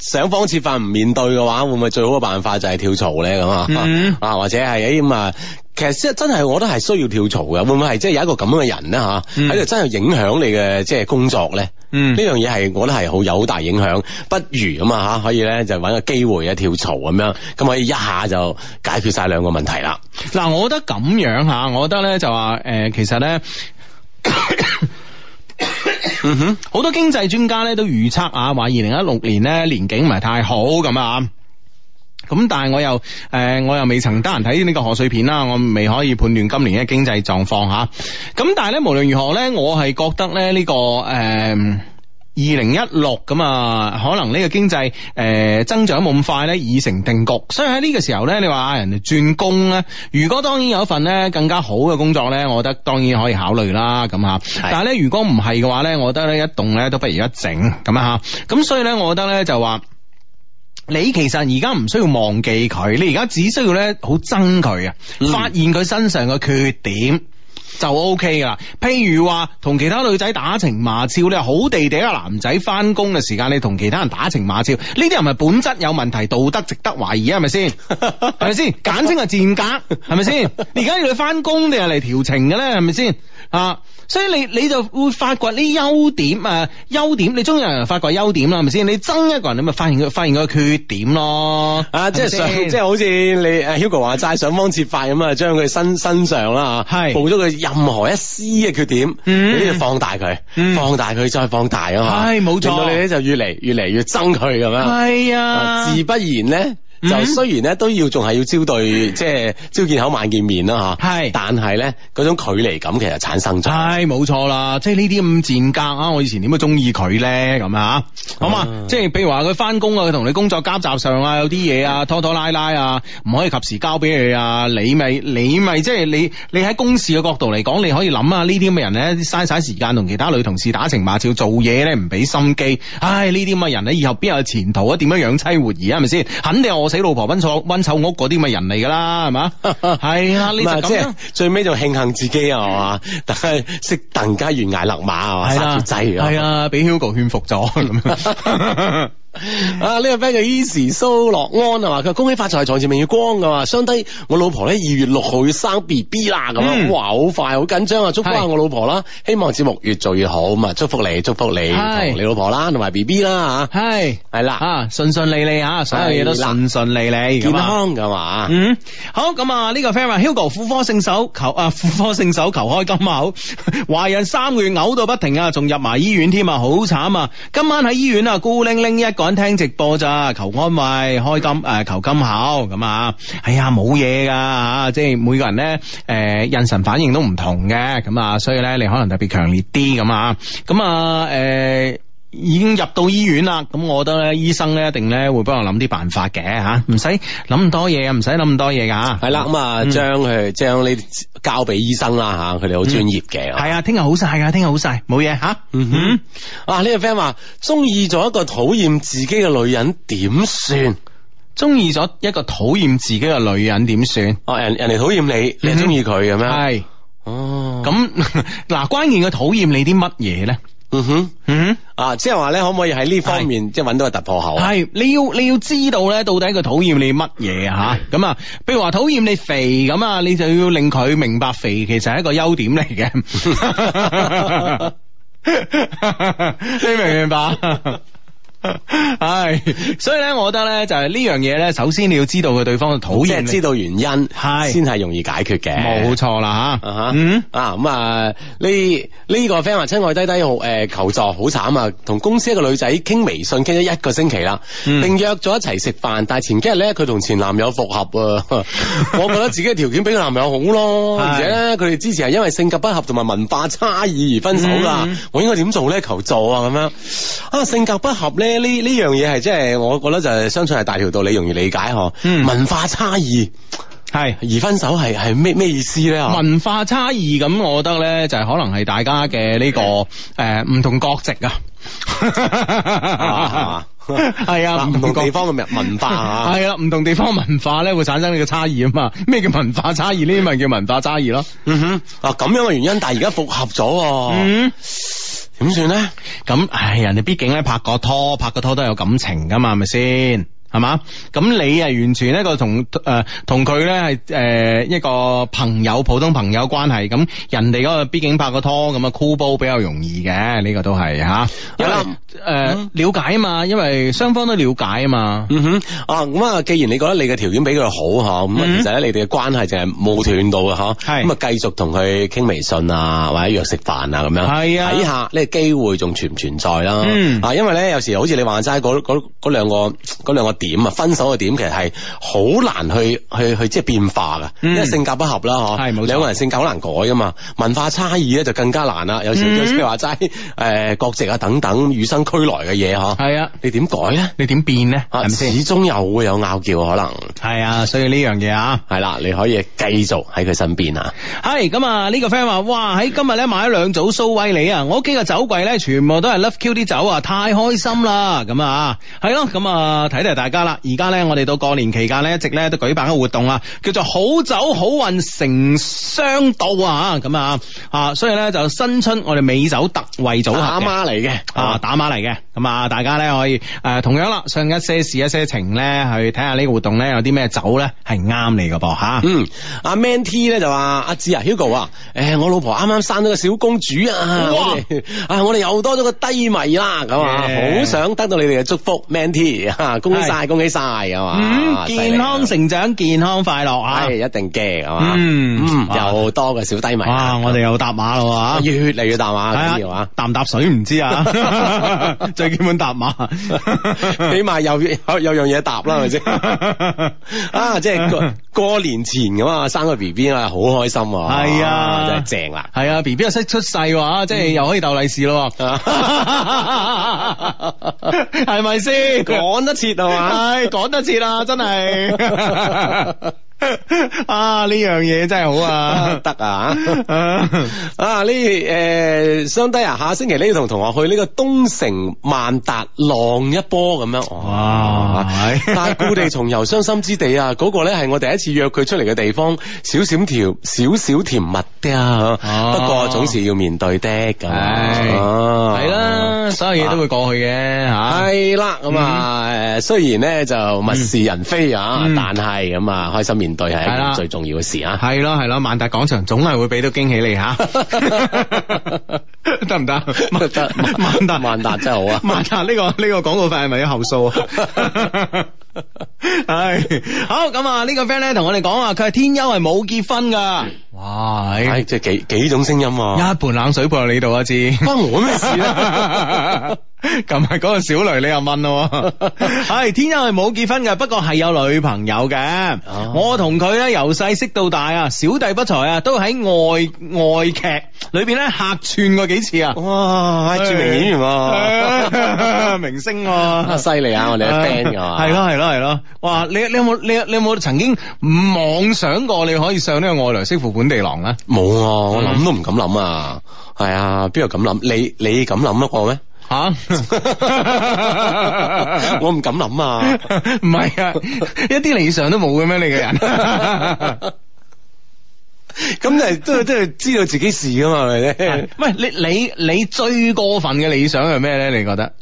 想方設法唔面對嘅話，會唔會最好嘅辦法就係跳槽咧？咁啊、嗯，啊或者係誒咁啊，其實真真係我覺得係需要跳槽嘅，會唔會係即係有一個咁樣嘅人咧？吓喺度真係影響你嘅即係工作咧？嗯，呢樣嘢係我覺得係好有好大影響，不如咁啊吓，可以咧就揾個機會咧跳槽咁樣，咁可以一下就解決晒兩個問題啦。嗱，我覺得咁樣吓，我覺得咧就話誒、呃，其實咧。 嗯哼，好 多經濟專家咧都預測啊，話二零一六年咧年景唔係太好咁啊，咁但係我又誒、呃、我又未曾得閒睇呢個賀歲片啦，我未可以判斷今年嘅經濟狀況嚇，咁、啊、但係咧，無論如何咧，我係覺得咧、這、呢個誒。呃二零一六咁啊，2016，可能呢個經濟誒、呃、增長冇咁快呢，已成定局。所以喺呢個時候呢，你話人哋轉工呢，如果當然有一份呢更加好嘅工作呢，我覺得當然可以考慮啦。咁吓，但係呢，如果唔係嘅話呢，我覺得呢，一動呢都不如一整咁啊吓。咁所以呢，我覺得呢，就話你其實而家唔需要忘記佢，你而家只需要呢，好憎佢啊，發現佢身上嘅缺點。就 OK 噶啦，譬如話，同其他女仔打情罵俏。你好地地個男仔翻工嘅時間，你同其他人打情罵俏，呢啲人係本質有問題，道德值得懷疑，啊，係咪先？係咪先？簡稱係賤格，係咪先？ 你而家要你翻工定係嚟調情嘅咧？係咪先？啊！所以你你就會發掘啲優點啊優點，你中意有人發掘優點啦，係咪先？你憎一個人，你咪發現佢發現佢缺點咯、啊。啊，即係即係好似你阿 Hugo 話齋想方設法咁啊，將佢身身上啦吓，係暴咗佢任何一絲嘅缺點，嗯、你都要放大佢，嗯、放大佢，再放大啊嘛。係，冇錯。令到你咧就越嚟越嚟越憎佢咁樣。係啊，自不然咧。就、嗯、雖然咧都要仲係要招待，即係朝見口晚見面啦吓。係是，但係咧嗰種距離感其實產生咗。係，冇錯啦。即係呢啲咁賤格啊！我以前點樣中意佢咧咁啊？好嘛，即係譬如話佢翻工啊，佢同你工作交集上啊，有啲嘢啊拖拖拉拉啊，唔可以及時交俾你啊。你咪你咪即係你你喺公事嘅角度嚟講，你可以諗下呢啲咁嘅人咧，嘥晒時間同其他女同事打情罵俏，做嘢咧唔俾心機。唉，呢啲咁嘅人咧，以後邊有前途啊？點樣養妻活兒啊？係咪先？肯定我。死老婆溫臭溫醜屋嗰啲咪人嚟噶啦，係嘛？係 啊，呢就咁樣，最尾就慶幸自己啊，係嘛？但係識鄧家懸崖勒馬係嘛？殺住制，係啊，俾 Hugo 勸服咗咁樣。 啊！呢、這個 friend 叫伊時蘇樂安啊嘛，佢恭喜發財財前明月光噶嘛，相低我老婆咧二月六號要生 B B 啦咁啊，樣嗯、哇好快，好緊張啊！祝福下我老婆啦，是希望節目越做越好咁啊，祝福你，祝福你是你老婆 BB，是啦，同埋 B B 啦吓，係係啦，順順利利吓，所有嘢都順順利利，啦健康噶嘛，吧嗯，好咁啊，呢個 friend 啊，Hugo 婦科聖手求啊婦科聖手求開金口，懷、啊、孕三個月嘔到不停啊，仲入埋醫院添啊，好慘啊！今晚喺醫院啊，孤零零一。講聽直播咋？求安慰、開金誒、呃、求金口咁啊！哎呀，冇嘢噶吓，即係每個人咧誒、呃，妊娠反應都唔同嘅，咁啊，所以咧你可能特別強烈啲咁啊，咁啊誒。已經入到醫院啦，咁我覺得咧，醫生咧一定咧會幫我諗啲辦法嘅吓，唔使諗咁多嘢，唔使諗咁多嘢噶吓。係啦，咁啊，將佢將你交俾醫生啦吓，佢哋好專業嘅。係啊，聽日好晒，係、嗯嗯、啊，聽日好晒，冇嘢吓。啊、嗯哼，啊呢個 friend 話，中意咗一個討厭自己嘅女人點算？中意咗一個討厭自己嘅女人點算？哦、啊，人人哋討厭你，你係中意佢嘅咩？係。哦。咁嗱，關鍵佢討厭你啲乜嘢咧？嗯哼，嗯哼，啊，即係話咧，可唔可以喺呢方面即係揾到個突破口？係你要你要知道咧，到底佢討厭你乜嘢吓，咁啊，譬 如話討厭你肥咁啊，你就要令佢明白肥其實係一個優點嚟嘅，你明唔明白？ 係，所以咧，我覺得咧，就係呢樣嘢，咧，首先你要知道佢對方嘅討厭，即係知道原因，係先係容易解決嘅，冇錯啦，吓吓，啊，咁啊，呢呢個 friend 話，親愛低低好，誒求助，好慘啊，同公司一個女仔傾微信傾咗一個星期啦，並約咗一齊食飯，但係前幾日咧，佢同前男友復合，啊，我覺得自己嘅條件比佢男朋友好咯，而且咧，佢哋之前係因為性格不合同埋文化差異而分手噶，我應該點做咧？求助啊，咁樣啊，性格不合咧。呢呢樣嘢係即係，我覺得就係、是、相信係大條道理，容易理解嗬，嗯，文化差異係 而分手，係係咩咩意思咧？文化差異咁，我覺得咧就係、是、可能係大家嘅呢、呢個誒唔是、呃、同國籍啊。係 啊，唔同、， 啊、同地方嘅文化吓，係啊，唔同地方文化咧會產生呢個差異啊嘛。咩叫文化差異？呢啲咪叫文化差異咯。嗯哼、 啊，啊咁樣嘅原因，但係而家復合咗。嗯，點算咧？咁唉，人哋畢竟咧拍過拖，拍過拖都有感情噶嘛，係咪先？係嘛？咁你啊，完全呢個同誒同佢咧係誒一個朋友，普通朋友關係。咁人哋嗰個畢竟拍個拖咁，啊箍煲比較容易嘅呢，這個都係吓。有啦，誒了解啊嘛，因為雙方都了解啊嘛。嗯、哼，啊咁啊，既然你覺得你嘅條件比佢好，嗬、嗯哼，咁其實咧你哋嘅關係就係冇斷到嘅嗬。係咁、嗯、哼啊，繼續同佢傾微信啊，或者約食飯啊，咁樣係啊，睇下呢個機會仲存唔存在啦，啊。嗯、啊，因為咧有時好似你話齋嗰嗰嗰兩個兩個。點啊，分手嘅點其實係好難去去去即係變化噶，嗯、因為性格不合啦，冇兩個人性格好難改噶嘛，文化差異咧就更加難啦，有時即係話齋誒國籍啊等等，與生俱來嘅嘢嗬，係啊的，你點改咧？你點變咧？始終又會有拗撬可能。係啊，所以呢樣嘢啊，係啦，你可以繼續喺佢身邊啊。係咁啊，呢、嗯，這個 friend 話哇，喺今日咧買咗兩組蘇威尼啊，我屋企嘅酒櫃咧全部都係 Love Q 啲酒啊，太開心啦。咁、嗯、啊，係、嗯、咯，咁啊睇睇大家啦，而家咧我哋到過年期間咧一直咧都舉辦一個活動啊，叫做好酒好運成雙到啊。咁啊啊，所以咧就新春我哋美酒特惠組合打孖嚟嘅啊，打孖嚟嘅。咁、嗯、啊、嗯，大家咧可以誒、呃、同樣啦，上一些事一些情咧去睇下呢個活動咧有啲。咩酒咧係啱你噶噃。吓？嗯，阿 Man T 咧就話阿志啊，Hugo 啊，誒，我老婆啱啱生咗個小公主啊，啊，我哋又多咗個低迷啦，咁啊，好想得到你哋嘅祝福，Man T，恭喜晒，恭喜晒，係嘛，健康成長，健康快樂啊，一定驚係嘛，嗯又多個小低迷，哇，我哋又搭馬咯吓，越嚟越搭馬，知嘛？搭唔搭水唔知啊，最基本搭馬，起碼又有有樣嘢搭啦，係咪先？啊，即係 過年前咁啊，生個 B B 啊，好開心，啊，係啊，真係正啦，係啊，B B 又識出世，吓，即係又可以鬥利 是咯是，係咪先？趕 得切係嘛，趕得切啊，真係。 啊！呢樣嘢真係好啊，得啊啊！呢誒，雙、呃、低啊，下星期呢要同同學去呢個東城萬達浪一波咁樣。哇、哦！啊、但係故地重遊傷心之地啊，嗰個咧係我第一次約佢出嚟嘅地方，少少甜，少少甜蜜啲啊。啊不過總是要面對的咁，係、啊、啦，所有嘢都會過去嘅吓，係啦、啊。咁、嗯、啊雖然咧就物是人非啊，但係咁啊開心面對係啦，吧最重要嘅事啊，係咯係咯，萬達廣場總係會俾到驚喜你吓，得唔得？萬達萬達萬達真係好啊！萬達呢個呢個廣告費係咪要後數啊？係好咁啊！呢個 friend 咧同我哋講啊，佢係天優係冇結婚噶，哇！係即係幾幾種聲音，一盆冷水潑喺你度啊！知關我咩事啊！ 琴日嗰個小雷你又問咯、啊，係天恩係冇結婚嘅，不過係有女朋友嘅。Uh、我同佢咧由細識到大啊，小弟不才啊，都喺外外劇裏邊咧客串過幾次啊。哇，係著名演員啊，明星啊，犀利、嗯、啊，我哋一 friend 係嘛，係咯係咯係咯。哇，你你有冇你你有冇曾經妄想過你可以上呢個外來媳婦本地郎咧？冇啊，我諗都唔敢諗啊。係啊，邊度咁諗？你你咁諗得過咩？吓， 我唔敢諗啊，唔係啊，一啲理想都冇嘅咩？你個人，咁係都都係知道自己事噶嘛？係咪先？唔 係 你你你，你最過分嘅理想係咩咧？你覺得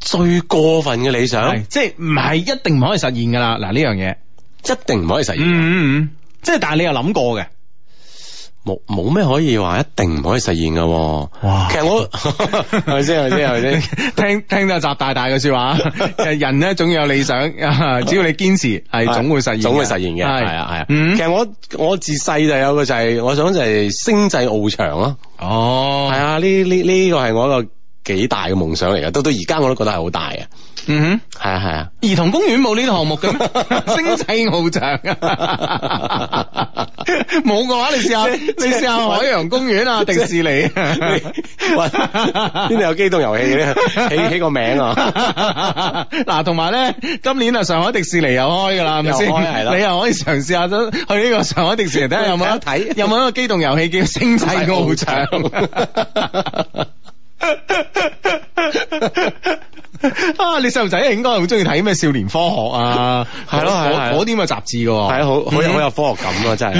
最過分嘅理想，即係唔係一定唔可以實現噶啦？嗱，呢樣嘢一定唔可以實現，即係 Además 但係你又諗過嘅。冇冇咩可以話一定唔可以實現㗎，哇其實我係咪先係先聽聽到習大大嘅說話，其實 人咧總要有理想，只要你堅持係 總會實現，總會實現嘅，係啊係啊，嗯、其實我我自細就有個就係、是、我想就係星際翱翔咯，哦係啊，呢呢呢個係我一個幾大嘅夢想嚟㗎，到到而家我都覺得係好大嘅。嗯哼，係啊係啊，兒童公園冇呢個項目嘅咩？星際翱翔啊，冇 嘅話你試下，你試下即是 海洋公園啊，迪即是 士尼，邊 度有機動遊戲咧？起起個名啊，嗱，同埋咧，今年啊，上海迪士尼又開噶啦，咪先？你又可以嘗試下去呢個上海迪士尼睇下有冇得睇， 有冇一個機動遊戲叫星際翱翔。 啊！你細路仔啊，應該好中意睇咩少年科學啊，係咯，嗰嗰啲啊雜誌噶，係啊，好好有好有科學感噶，真係，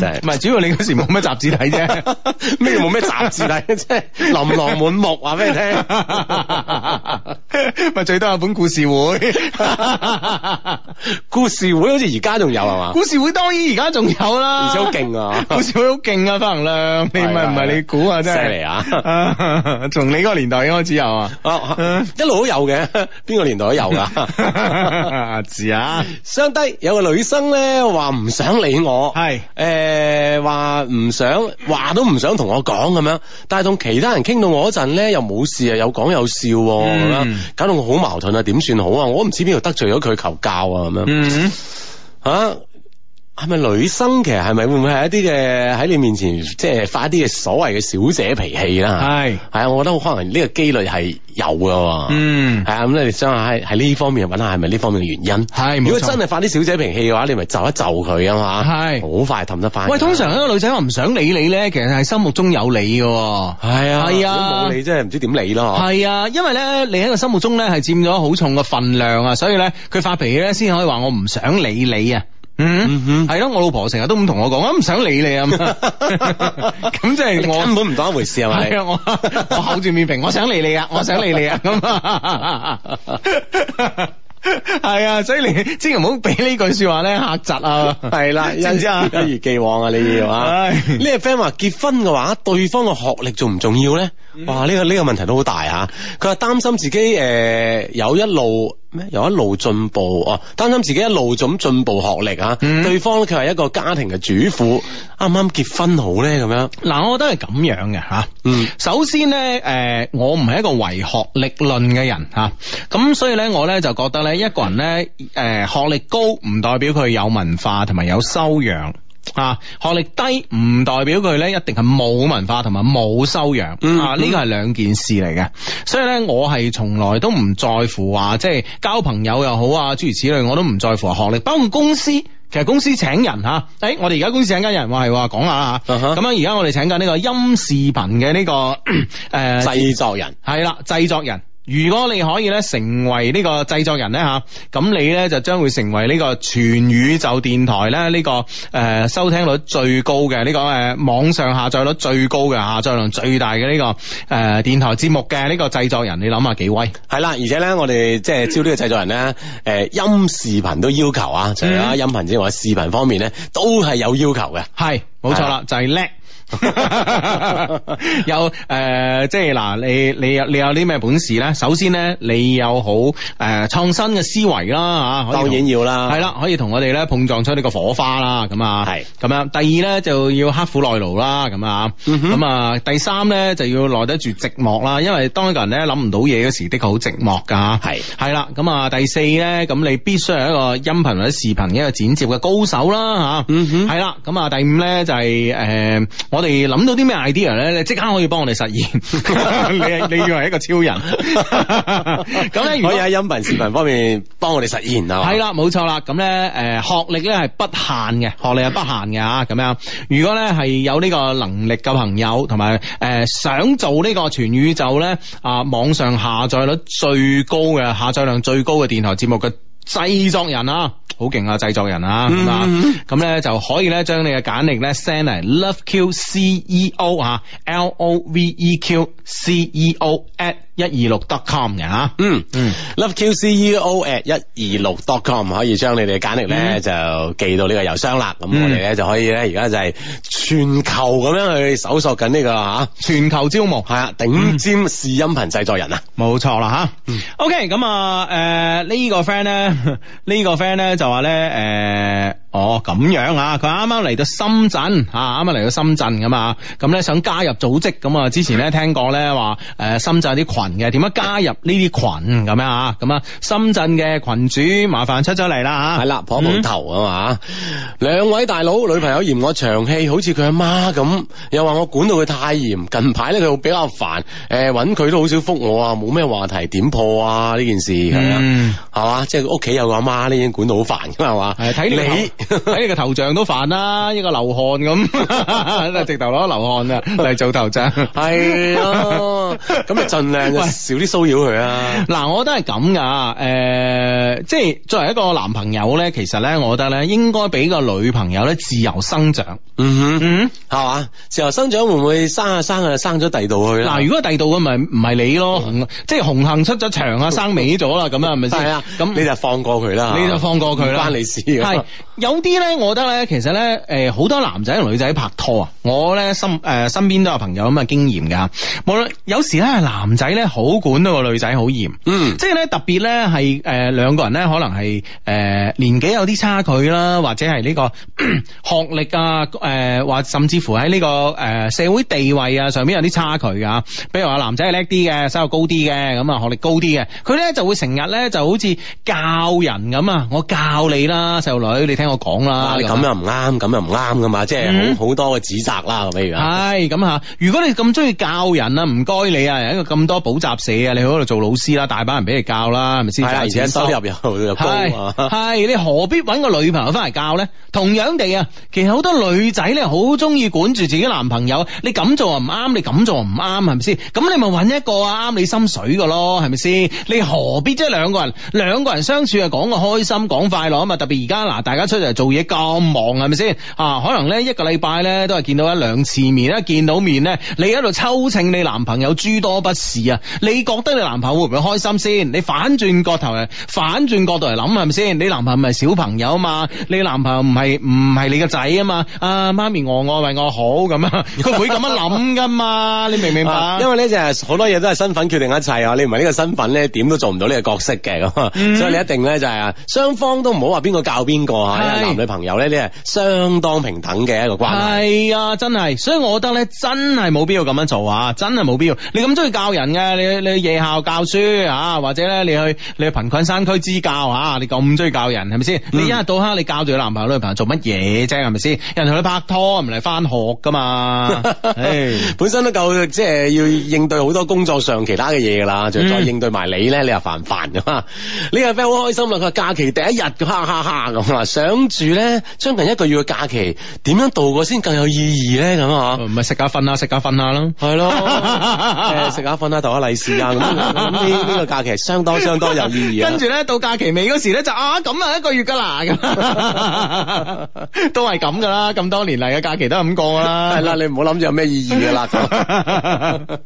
真係。唔係，主要你嗰時冇咩雜誌睇啫，咩冇咩雜誌睇，即係琳琅滿目，話俾你聽？咪最多有本故事會，故事會好似而家仲有係嘛？故事會當然而家仲有啦，而且好勁啊！故事會好勁啊，發行量，你咪唔係你估啊，真係犀利啊！從你個年代開始有啊，一路。都 有嘅，邊個年代都有㗎。字啊，相低有個女生咧話唔想理我，係誒，話唔想話都唔想同我講咁樣，但係同其他人傾到我嗰陣咧又冇事啊，又講又笑咁樣，搞到我好矛盾啊，點算好啊？我唔知邊度得罪咗佢求教啊咁樣。嗯，吓。係咪女生？其實係咪會唔會係一啲嘅喺你面前，即係發一啲嘅所謂嘅小姐脾氣啦？係係啊，我覺得可能呢個幾率係有嘅。嗯，係啊，咁你哋想喺喺呢方面揾下係咪呢方面嘅原因？係如果真係發啲小姐脾氣嘅話，你咪就遷一就佢啊嘛。係好的快氹得翻。喂，通常一個女仔話唔想理你咧，其實係心目中有你嘅。係啊係啊，哎、呀如果冇你，真係唔知點理咯。係啊，因為咧你喺個心目中咧係佔咗好重嘅份量啊，所以咧佢發脾氣咧先可以話我唔想理你啊。嗯哼，係咯、mm hmm.，我老婆成日都唔同我講，我唔想理你啊嘛，咁即係我根本唔當一回事係咪？ 我我口住面平，我想理你啊，我想理你啊，咁係啊，所以你千祈唔好俾呢句說話咧嚇窒啊，係 啦，有唔知啊？一 如既往啊，你要啊？呢個 friend 話結婚嘅話，對方嘅學歷重唔重要咧？哇！呢個呢個問題都好大吓，佢話擔心自己誒、呃、有一路咩有一路進步哦，擔、啊、心自己一路仲咁進步學歷啊。嗯、對方佢係一個家庭嘅主婦，啱啱結婚好呢。咁樣。嗱，我覺得係咁樣嘅吓。嗯，首先呢，誒、呃，我唔係一個唯學歷論嘅人吓，咁所以呢，我呢就覺得呢，一個人呢，誒、呃、學歷高唔代表佢有文化同埋有修養。歷 mm hmm. 啊，學歷低唔代表佢咧一定係冇文化同埋冇修養啊！呢個係兩件事嚟嘅，所以咧我係從來都唔在乎話即係交朋友又好啊，諸如此類，我都唔在乎學歷。包括公司，其實公司請人吓，誒、啊哎，我哋而家公司請緊人話係話講下啊，咁樣而家我哋請緊呢個音視頻嘅呢個誒製、呃、作人，係啦，製作人。如果你可以咧成為呢個製作人咧吓，咁你咧就將會成為呢個全宇宙電台咧呢個誒收聽率最高嘅呢個誒網上下載率最高嘅下載量最大嘅呢個誒電台節目嘅呢個製作人，你諗下幾威？係啦，而且咧我哋即係招呢個製作人咧，誒音視頻都要求啊，除咗音頻之外，視頻方面咧都係有要求嘅。係，冇錯啦，就係叻。有 誒、 呃，即係嗱，你你，你有你有啲咩本事咧？首先咧，你有好誒創、呃、新嘅思維啦，吓，當然要啦，係啦，可以同我哋咧碰撞出呢個火花啦，咁啊，係咁樣。是第二咧就要刻苦耐勞啦，咁啊，咁啊，第三咧就要耐得住寂寞啦，因為當一個人咧諗唔到嘢嗰時，的確好寂寞噶，係係啦，咁啊是，第四咧咁你必須係一個音頻或者視頻一個剪接嘅高手啦，吓咮，嗯係啦，咁啊，第五咧就係、是、誒、呃、我、嗯。嗯嗯你諗到啲咩 idea 咧？你即刻可以幫我哋實現。 你以為係一個超人。咁咧，可以喺音頻視頻方面幫我哋實現係嘛？係啦，冇錯啦。咁咧，誒，學歷咧係不限嘅，學歷係不限嘅吓。咁樣，如果咧係、 啊、有呢個能力嘅朋友，同埋誒想做呢個全宇宙咧啊網上下載率最高嘅下載量最高嘅電台節目嘅製作人啊！好勁啊！製作人啊，咁啊、嗯，咁咧就可以咧將你嘅簡歷咧 send 嚟，loveqceo 吓 l o v e q c e o at 一二六 dot.com 嘅吓，嗯嗯，loveqceo@ 一二六 dot.com 可以將你哋嘅簡歷咧、嗯、就寄到呢個郵箱啦，咁、嗯、我哋咧就可以咧而家就係全球咁樣去搜索緊、這、呢個吓、啊，全球招募係啊，頂尖視音頻製作人、嗯、啊，冇錯啦吓，OK，咁啊誒呢 個 friend 咧呢個 friend 咧就話咧誒。Uh, 哦，咁樣啊！佢啱啱嚟到深圳，啊，啱啱嚟到深圳噶嘛，咁咧想加入組織，咁啊之前咧聽過咧話，誒深圳有啲群嘅，點樣加入呢啲群咁樣啊？咁啊深圳嘅群主麻煩出咗嚟啦，係啦，婆蒲頭啊嘛！兩位大佬，女朋友嫌我長氣，好似佢阿媽咁，又話我管到佢太嚴，近排咧佢比較煩，誒搵佢都好少覆我啊，冇咩話題點破啊呢件事咁樣，係嘛？即係屋企有個阿媽，呢已經管到好煩噶嘛？係睇你。喺 你個頭像都煩啦，呢個流汗咁， 直頭攞流汗啊嚟做頭像係 啊，咁咪盡量少啲騷擾佢啊。嗱，我覺得係咁噶誒，即係作為一個男朋友咧，其實咧，我覺得咧應該俾個女朋友咧自由生長，嗯哼，係嘛吧、嗯、自由生長會唔會生下、啊、生啊生咗第度去嗱，如果第度嘅咪唔係你咯，即係紅杏出咗牆啊，生尾咗啦，咁啊，係咪先係咁？那你就放過佢啦， 你就放過佢啦，關你事係。有啲咧，我覺得咧，其實咧，誒，好多男仔同女仔拍拖啊，我咧身誒身邊都有朋友咁嘅經驗噶，無論有時咧男仔咧好管到個女仔好嚴，嗯，即係咧特別咧係誒兩個人咧可能係誒年紀有啲差距啦，或者係呢、這個 學歷啊，誒或甚至乎喺呢個誒社會地位啊上面有啲差距噶，比如話男仔係叻啲嘅，收入高啲嘅，咁啊學歷高啲嘅，佢咧就會成日咧就好似教人咁啊，我教你啦，細路女你。聽我講啦，咁又唔啱，咁又唔啱噶嘛，即係好好多嘅指責啦。咁樣係咁吓，如果你咁中意教人啊，唔該你啊，一個咁多補習社啊，你去嗰度做老師啦，大把人俾你教啦，係咪先？係而且收入又又高啊！係你何必揾個女朋友翻嚟教咧？同樣地啊，其實好多女仔咧好中意管住自己男朋友，你咁做啊唔啱，你咁做啊唔啱，係咪先？咁你咪揾一個啱你心水嘅咯，係咪先？你何必即係兩個人兩個人相處啊？講個開心，講快樂啊嘛！特別而家嗱，大家。出嚟做嘢咁忙係咪先啊？可能咧一個禮拜咧都係見到一兩次面啦，見到面咧你喺度抽秤你男朋友諸多不是啊！你覺得你男朋友會唔會開心先？你反轉角度嚟，反轉角度嚟諗係咪先？你男朋友唔係小朋友啊嘛，你男朋友唔係唔係你個仔啊嘛？啊媽咪我愛為我好咁啊，佢會咁樣諗噶嘛？嘛 你明唔明白？啊、因為呢就係好多嘢都係身份決定一切啊！你唔係呢個身份咧，點都做唔到呢個角色嘅咁，嗯、所以你一定咧就係、啊、雙方都唔好話邊個教邊個啊。男女朋友咧，你係相當平等嘅一個關係。係啊，真係，所以我覺得咧，真係冇必要咁樣做啊！真係冇必要。你咁中意教人嘅，你你去夜校教書啊，或者咧你去你去貧困山區支教啊，你咁中意教人，係咪先？嗯、你一日到黑你教住個男朋友女朋友做乜嘢啫？係咪先？人同你拍拖唔嚟返學噶嘛？ 哎、本身都夠即係要應對好多工作上其他嘅嘢噶啦，就再應對埋你咧、嗯，你又煩煩咁啊！呢個 friend 好開心啊，佢假期第一日，哈哈咁啊諗住咧，將近一個月嘅假期，點樣度過先更有意義咧？咁、嗯、啊，唔係食下瞓下，食下瞓下咯，係咯，食下瞓下，度下、嗯、利是啊！咁呢呢個假期相當相當有意義、啊。跟住咧，到假期尾嗰時咧，就啊咁啊一個月噶啦，咁 都係咁噶啦，咁多年嚟嘅假期都係咁過啦。係啦， 你唔好諗住有咩意義噶啦。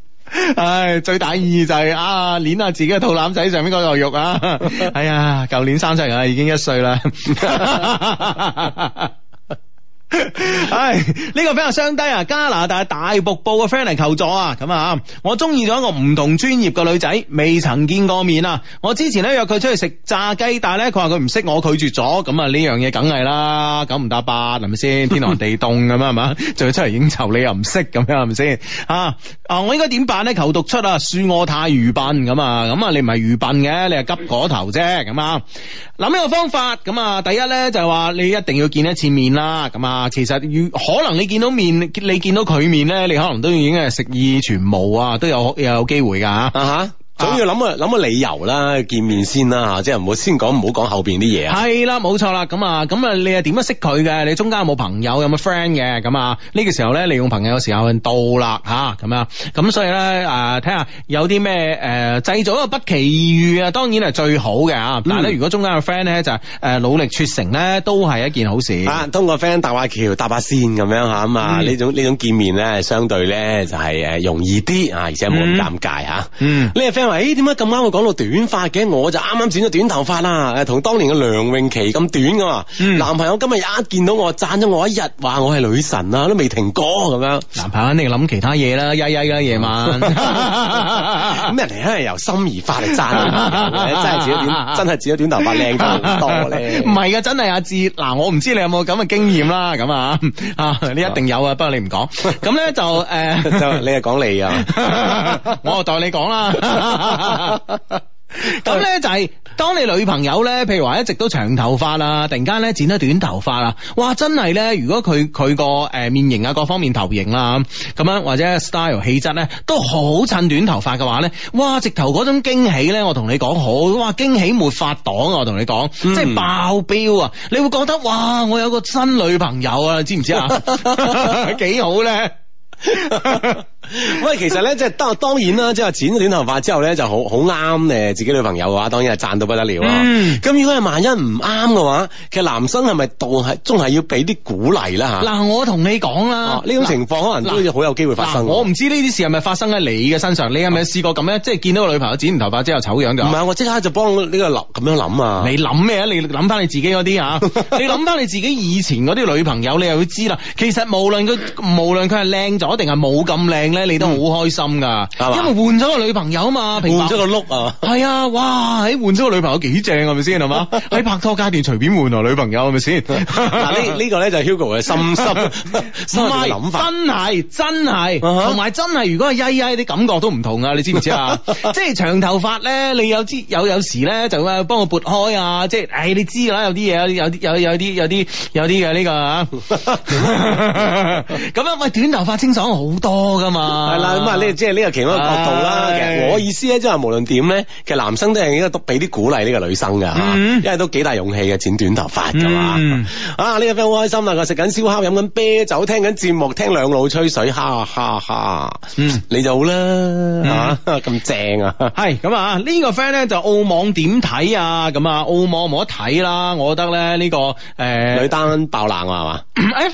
唉，最大意義就係、是、啊，捻下自己嘅肚腩仔上面嗰嚿肉啊！ 哎呀，舊年生出嚟啊，已經一歲啦。 唉、 哎，呢、這個比 r 相低啊！加拿大大瀑布嘅 friend 嚟求助啊！咁啊，我中意咗一個唔同專業嘅女仔，未曾見過面啊！我之前咧約佢出去食炸雞，但係咧佢話佢唔識我，拒絕咗。咁啊，呢樣嘢梗係啦，九唔搭八係咪先？天寒地凍咁啊，係嘛？仲 要出嚟應酬，你又唔識咁樣係咪先？啊啊！我應該點辦咧？求獨出啊，恕我太愚笨咁啊！咁啊，你唔係愚笨嘅，你係急嗰頭啫。咁啊，諗一個方法。咁啊，第一咧就係、是、話你一定要見一次面啦。咁啊。啊啊，其實如可能你見到面，你見到佢面咧，你可能都已經係食意全無啊，都有又有機會噶。㗎嚇、uh。Huh. 總要諗個諗個理由啦，見面先啦，即係唔好先講唔好講後邊啲嘢啊。係啦，冇錯啦，咁啊，咁啊，你係點樣識佢嘅？你中間有冇朋友有冇 friend 嘅？咁啊，呢、這個時候咧利用朋友嘅時候到啦吓，咁、啊、樣，咁所以咧誒，睇、呃、下有啲咩誒製造一個不期而遇啊，當然係最好嘅啊。但係咧，如果中間個 friend 咧就誒努力撮成咧，都係一件好事。啊，通過 friend 搭下橋搭下線咁樣吓，咁啊呢、嗯、種呢種見面咧，相對咧就係誒容易啲啊，而且冇咁尷尬吓、嗯。嗯，呢個 friend。嗯喂，點解咁啱我講到短髮嘅？我就啱啱剪咗短頭髮啦，同當年嘅梁詠琪咁短㗎嘛。男朋友今日一見到我，讚咗我一日，話我係女神啦，都未停過咁樣。男朋友肯定諗其他嘢啦，曳曳嘅夜晚。咁人哋肯定由心而發嚟讚，真係剪咗短，真係剪咗短頭髮靚多咧。唔係啊，真係阿志，嗱，我唔知你有冇咁嘅經驗啦。咁啊，啊，你一定有啊，不過你唔講。咁咧就誒，就你係講你啊，我就代你講啦。咁 咧就係、是、當你女朋友咧，譬如話一直都長頭髮啦，突然間咧剪得短頭髮啦，哇！真係咧，如果佢佢個誒面型啊，各方面頭型啊，咁樣或者 style 氣質咧，都好襯短頭髮嘅話咧，哇！直頭嗰種驚喜咧，我同你講好，哇！驚喜沒法擋啊，我同你講，即係爆表啊！你會覺得哇，我有個新女朋友啊，你知唔知啊？幾 好咧呢！ 喂，其實咧即係當當然啦，即係剪短頭髮之後咧就好好啱誒，自己女朋友嘅話當然係讚到不得了啦。嗯，咁如果係萬一唔啱嘅話，其實男生係咪仲係仲係要俾啲鼓勵啦吓？嗱，我同你講啦，呢、哦、種情況可能都好喏喏有機會發生。我唔知呢啲事係咪發生喺你嘅身上？喏你係咪試過咁樣？即係見到個女朋友剪完頭髮之後醜樣就唔係，我即、啊、刻就幫呢、這個諗咁樣諗啊！你諗咩啊？你諗翻你自己嗰啲啊？ 你諗翻你自己以前嗰啲女朋友，你又要知啦。其實無論佢無論佢係靚咗定係冇咁靚。你都好開心噶因為換咗個女朋友啊嘛，換咗個碌啊，係啊！哇，喺換咗個女朋友幾正係咪先？係嘛？喺拍拖階段隨便換個女朋友係咪先？嗱，呢呢個咧就係 Hugo 嘅心心，心嘅諗法，真係真係，同埋真係，如果曳曳啲感覺都唔同啊！你知唔知啊？即係長頭髮咧，你有啲有有時咧就會幫我撥開啊！即係，哎，你知嘅啦，有啲嘢，有有有啲有啲有啲嘅呢個咁啊，喂，短頭髮清爽好多噶嘛～係 啦，咁啊，呢即係呢個其中一個角度啦。其實我意思咧，即係無論點咧，其實男生都係應該都俾啲鼓勵呢個女生噶，嗯、因為都幾大勇氣嘅剪短頭髮噶嘛。嗯、啊，呢、呢個 friend 好開心啊，佢食緊燒烤，飲緊啤酒，聽緊節目，聽兩老吹水，哈哈哈。嗯、你就好啦，吓咁、嗯啊、正啊。係咁啊，呢、呢個 friend 咧就澳網點睇啊？咁啊，澳網冇得睇啦、啊。我覺得咧、這、呢個誒、呃欸，女單爆冷啊，係嘛？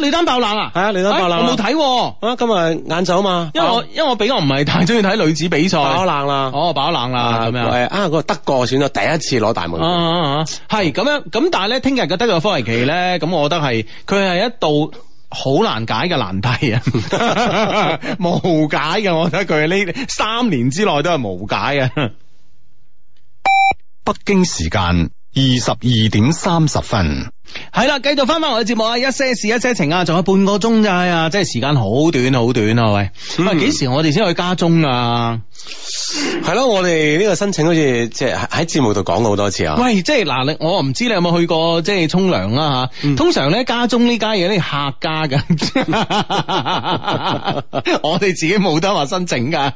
誒，女單爆冷啊？係啊、欸，女單爆冷。冇睇、欸，欸欸欸、啊，今日晏晝啊嘛。因我，我比較唔係太中意睇女子比賽。爆冷啦，哦，爆冷啦，咁樣係啊，嗰個麼、啊、德國選咗第一次攞大滿貫。係咁樣，咁但係咧，聽日嘅德約科維奇咧，咁 我覺得係，佢係一道好難解嘅難題， 無解嘅，我覺得佢呢三年之內都係無解啊。 北京時間二十二點三十分。係啦，繼續翻翻我哋節目啊，一些事一些情啊，仲有半個鐘咋啊。即係時間好短好短啊，喂！咁啊、mm.，幾時我哋先去加鐘啊？係咯，我哋呢個申請好似即係喺節目度講過好多次啊。喂，即係嗱，你我唔知你有冇去過即係沖涼啦吓？通常咧，加鐘呢家嘢啲客家噶，我哋自己冇得話申請噶，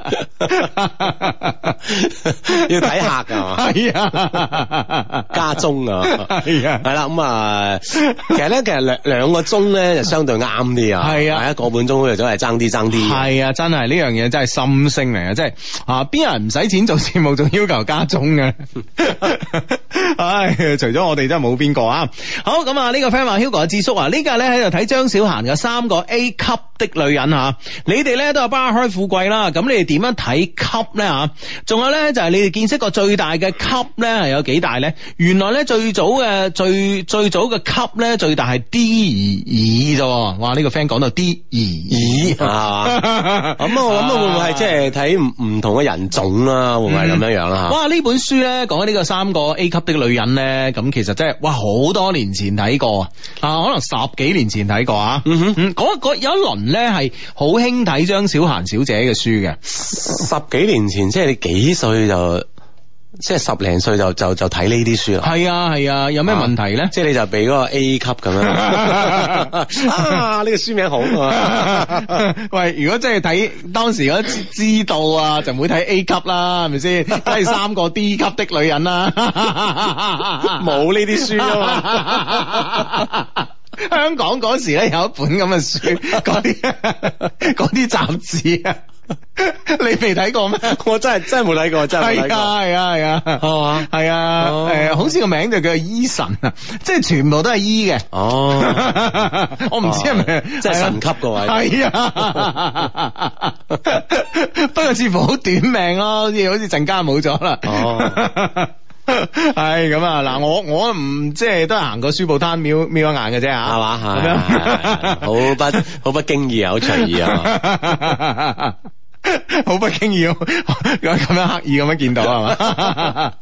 要睇客噶，係啊，加鐘啊，係啊，係啦咁啊。誒， 其實咧、啊啊，其實兩兩個鐘咧就相對啱啲啊，係啊，一個半鐘就真係爭啲爭啲，係啊，真係呢樣嘢真係心聲嚟啊，即係啊，邊人唔使錢做節目仲要求加鐘嘅，唉、 哎，除咗我哋真係冇邊個啊。好，咁、嗯、啊，呢、這個 friend 話 Hugo 阿智叔啊，呢個咧喺度睇張小嫻嘅《三個 A 級的女人》吓、啊，你哋咧都有扒開富貴啦，咁你哋點樣睇級咧吓？仲、啊、有咧就係、是、你哋見識過最大嘅級咧係有幾大咧？原來咧最早嘅最最早嘅。級咧最大係 D 二二啫，哇！呢、這個 friend 講到 D 二二啊，咁我諗啊會唔會係即係睇唔同嘅人種啦？會唔會係咁樣樣啦？哇！呢本書咧講緊呢個三個 A 級啲女人咧，咁其實真係哇，好多年前睇過啊，可能十幾年前睇過啊，嗯哼，嗰有、嗯那個、一輪咧係好興睇張小嫻小姐嘅書嘅，十幾年前即係你幾歲就？即係十零歲就就就睇呢啲書啦。係啊係啊，有咩問題咧、啊？即係你就俾嗰個 A 級咁樣。 啊、呢、這個書名好。啊， 喂，如果真係睇當時嗰知道啊，就唔會睇 A 級啦，係咪先？第 三個 D 級的女人啦，冇呢啲書啊嘛。香港嗰時咧，有一本咁嘅書，嗰啲嗰啲雜誌啊，你未睇過咩？我真係真係冇睇過，真係冇睇過，係啊係啊係啊，係啊，誒、啊啊哦啊，好似個名就叫醫神啊，即係全部都係醫嘅，哦，我唔知係咪，即係神級個位，係啊，不過似乎好短命咯，好似好似陣間冇咗啦。哦係咁、 哎、啊！嗱，我我唔即係都係行過書報攤瞄瞄一眼嘅啫吓，係、啊、嘛？係、啊，啊、樣 好不，好不，、啊、 不經意啊，好隨意啊，好不經意咁咁樣刻意咁樣見到係嘛？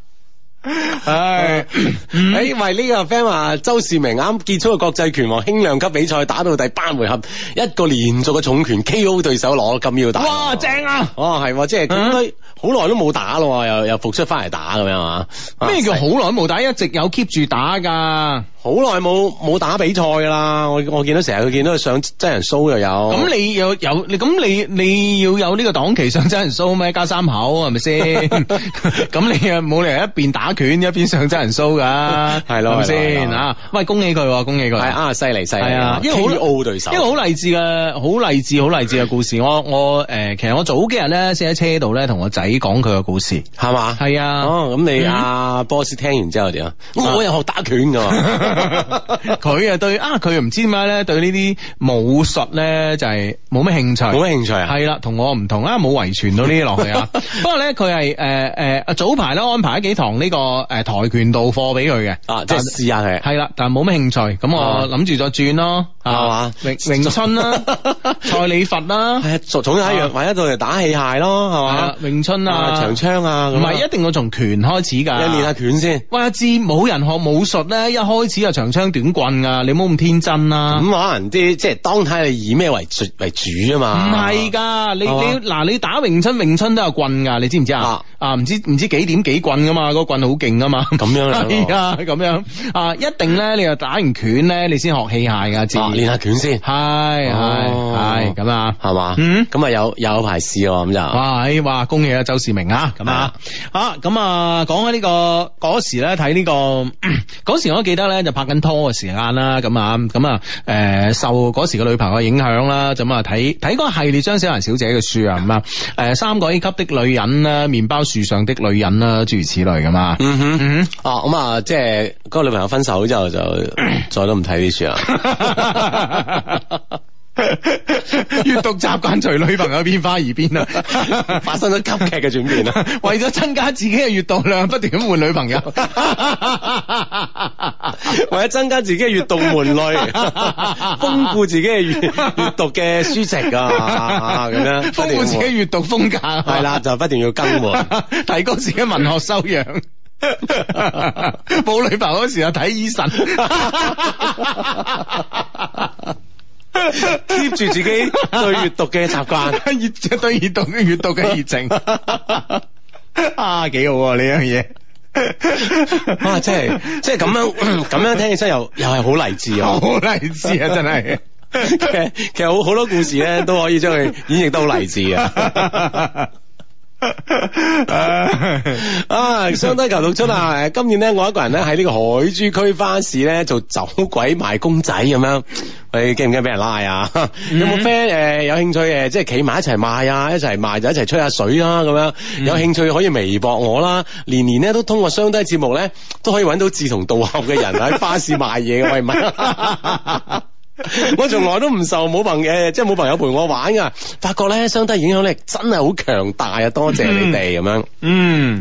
唉、啊，誒、 哎，喂呢、這個 friend 話，周士明啱結束個國際拳王輕量級比賽，打到第八回合，一個連續嘅重拳 KO 對手，攞金腰帶。哇，正啊！哦、啊，係、啊啊，即係。 好耐都冇打咯，又又復出翻嚟打咁樣啊？咩叫好耐冇打？一直有 keep 住打噶，好耐冇冇打比賽。啦我我見到成日佢見到佢上真人 show 又有。咁你有有你咁你你要有呢個檔期上真人 show 咩？一家三口係咪先？咁你又冇理由一邊打拳一邊上真人 show 噶？係咯，先嚇。喂，恭喜佢，恭喜佢，係啊，犀利犀利啊！一個好傲對手，一個好勵志嘅好勵志好勵志嘅故事。我我誒，其實我早幾日咧先喺車度咧同我仔睇講佢嘅故事係嘛？係啊，咁你阿 boss 聽完之後點啊？我又學打拳噶，佢啊，對啊，佢又唔知點解咧對呢啲武術咧就係冇乜興趣，冇乜興趣啊？係啦，同我唔同啦，冇遺傳到呢啲落去啊。不過咧，佢係誒誒啊，早排咧安排咗幾堂呢個誒跆拳道課俾佢嘅啊，即係試下佢，係啦，但係冇乜興趣，咁我諗住再轉咯，係嘛？詠春啦，蔡李佛啦，係啊，仲仲有一樣，埋一度嚟，打器械咯，係嘛？詠春。啊！長槍啊，唔係一定要從拳開始噶，你練下拳先。喂，阿志，冇人學武術咧，一開始就長槍短棍噶，你唔好咁天真啦。咁可能啲即係當睇係以咩為主為主啊嘛？唔係噶，你你嗱，你打詠春，詠春都有棍噶，你知唔知啊？啊，唔知唔知幾點幾棍噶嘛？個棍好勁噶嘛？咁樣啊？係啊，咁樣啊，一定咧，你又打完拳咧，你先學器械噶。啊，練下拳先，係係係咁啊，係嘛？嗯，咁啊有有排試喎，咁就哇，哎哇，恭喜周士明啊，咁啊，好咁啊，講緊呢個嗰時咧，睇呢個嗰時我都記得咧，就拍緊拖嘅時間啦，咁啊，咁啊，誒，受嗰時嘅女朋友影響啦，咁啊，睇睇嗰系列張小嫻小姐嘅書啊，咁啊，誒，三個 A 級的女人啦，麵包樹上的女人啦，諸如此類噶嘛，嗯哼，嗯啊，咁啊，即係嗰個女朋友分手之後，就再都唔睇呢書啊。閱讀習慣隨女朋友變化而變啦， 發生咗急劇嘅轉變啦。為咗增加自己嘅閱讀量，不斷咁換女朋友，為咗增加自己嘅閱讀門類，豐 富自己嘅閱閱讀嘅書籍啊，咁樣豐富自己閱讀風格。係啦，就不斷要更換，提高自己文學修養。冇女朋友嗰時候，睇醫生。keep 住自己對閱讀嘅習慣，對閱讀嘅閱讀嘅熱情， 啊，幾好啊呢、 啊、樣嘢， 樣啊，啊，真係即係咁樣咁樣聽起身又又係好勵志啊，好勵志啊真係。其實其實，好多故事咧都可以將佢演繹得好勵志啊。 雙、 啊、低求六出啊！今年咧，我一個人咧喺呢個海珠區花市咧做走鬼賣公仔咁樣，喂驚唔驚俾人拉啊？有冇 friend 誒有興趣誒，即係企埋一齊賣啊，一齊賣就一齊吹下水啦咁樣。有興趣可以微博我啦。年年咧都通過雙低節目咧，都可以揾到志同道合嘅人喺花市賣嘢嘅喂唔係。嗯嗯嗯嗯。 我從來都唔受冇朋、誒，即係冇朋友陪我玩噶。發覺咧，相低影響力真係好強大啊！多謝、嗯、你哋們咁樣。嗯，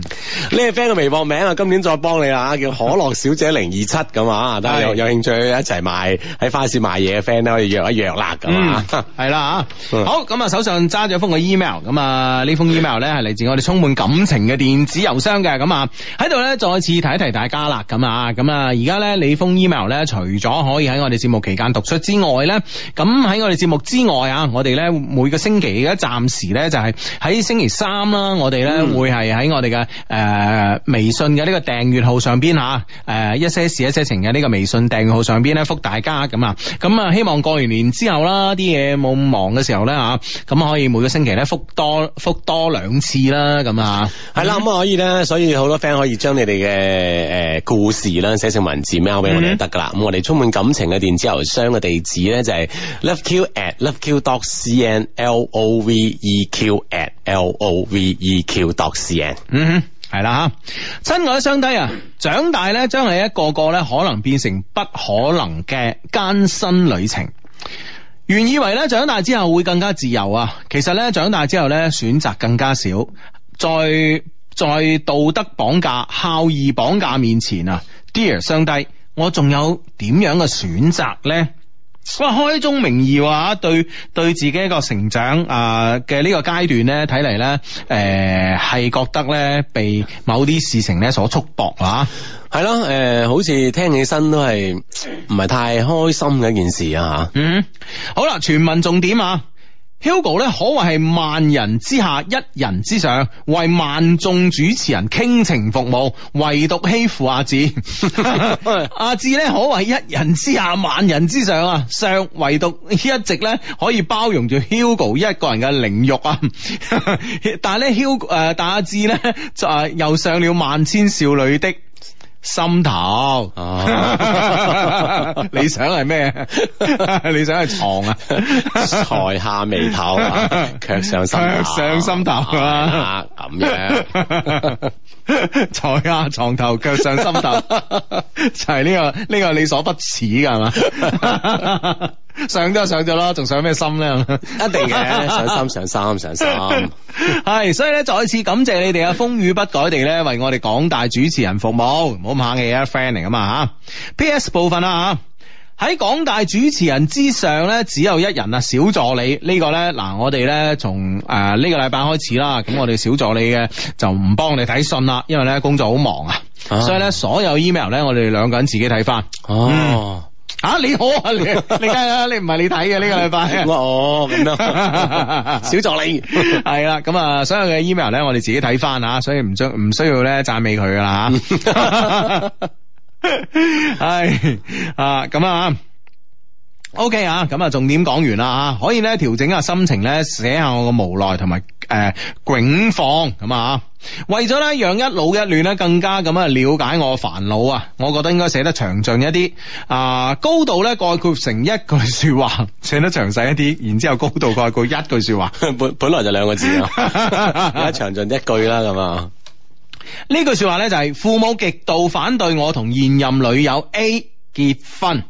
呢個 friend 嘅微博名啊，今年再幫你啦，叫可樂小姐零二七咁啊。大家有有興趣一齊賣喺花市賣嘢嘅 friend 咧，可以約一約啦，咁啊。係啦啊，好，咁啊，手上揸咗封個 email，咁啊呢封 email 咧係嚟自我哋充滿感情嘅電子郵箱嘅。咁啊喺度咧再次提一提大家啦，咁啊咁啊而家咧你封 email 咧除咗可以喺我哋節目期間讀出。之外咧，咁喺我哋節目之外啊，我哋咧每個星期而家暫時咧就係喺星期三啦，我哋咧會係喺我哋嘅誒微信嘅呢個訂閱號上邊吓，誒一些事一些情嘅呢個微信訂閱號上邊咧，覆大家咁啊，咁啊希望過完年之後啦，啲嘢冇咁忙嘅時候咧吓，咁可以每個星期咧覆多覆多兩次啦，咁啊係啦，咁啊可以咧，所以好多 friend 可以將你哋嘅誒故事啦寫成文字 mail 俾我哋得噶啦，咁、嗯、我哋充滿感情嘅電子郵箱嘅地，地址咧就係 loveq at loveq dot cn l o v e q at l o v e q dot cn 嗯哼，係啦吓，親愛嘅上帝啊，長大咧將係一個個咧可能變成不可能嘅艱辛旅程。原以為咧長大之後會更加自由啊，其實咧長大之後咧選擇更加少，在在道德綁架、孝義綁架面前啊，Dear 上帝，我仲有點樣嘅選擇咧？所以開宗明義話對對自己一個成長啊嘅呢個階段咧，睇嚟咧，誒、呃、係覺得咧被某啲事情咧所束縛啊，係咯，誒、呃，好似聽起身都係唔係太開心嘅一件事啊，吓，嗯，好啦，全文重點啊。Hugo 咧，可謂係萬人之下一人之上，為萬眾主持人傾情服務，唯獨欺負阿志。 阿志咧，可謂一人之下萬人之上啊，上唯獨一直咧可以包容住 Hugo 一個人嘅凌辱啊，但係咧 Hugo 誒，但阿志咧就又上了萬千少女的。心頭、啊、 你想係咩？ 你想係床啊？ 才下眉頭、啊，卻上心上心頭係咁樣，才下床頭，卻上心頭， 就係呢、這個呢個你所不恥噶係嘛？ 上咗就上咗啦，仲上咩心咧？一定嘅， 上心上心上心。係， 所以咧再次感謝你哋啊，風雨不改地咧為我哋廣大主持人服務，唔好咁客氣啊，friend 嚟噶嘛吓。P.S. 部分啦吓，喺廣大主持人之上咧，只有一人啊，小助理。這個、呢個咧嗱，我哋咧從誒呢、呃這個禮拜開始啦，咁我哋小助理嘅就唔幫你睇信啦，因為咧工作好忙啊，所以咧所有 email 咧我哋兩個人自己睇翻。哦、啊。嗯啊！你好啊，你你梗啦，你唔係你睇嘅呢個禮拜哦，咁小助理係啦，咁啊所有嘅 email 咧，我哋自己睇翻吓，所以唔需唔需要咧讚美佢噶啦吓，係啊咁啊。啊 O K 啊，咁啊、okay，重點講完啦吓，可以咧調整下心情咧，寫下我嘅無奈同埋誒窘況咁啊，為咗咧讓一老一亂咧更加咁啊了解我煩惱啊，我覺得應該寫得詳盡一啲啊、呃，高度咧概括成一句說話，寫得詳細一啲，然之後高度概括一，括一句說話本 本來就兩個字，而家詳盡一句啦咁啊，呢句說話咧就係父母極度反對我同現任女友 A 結婚。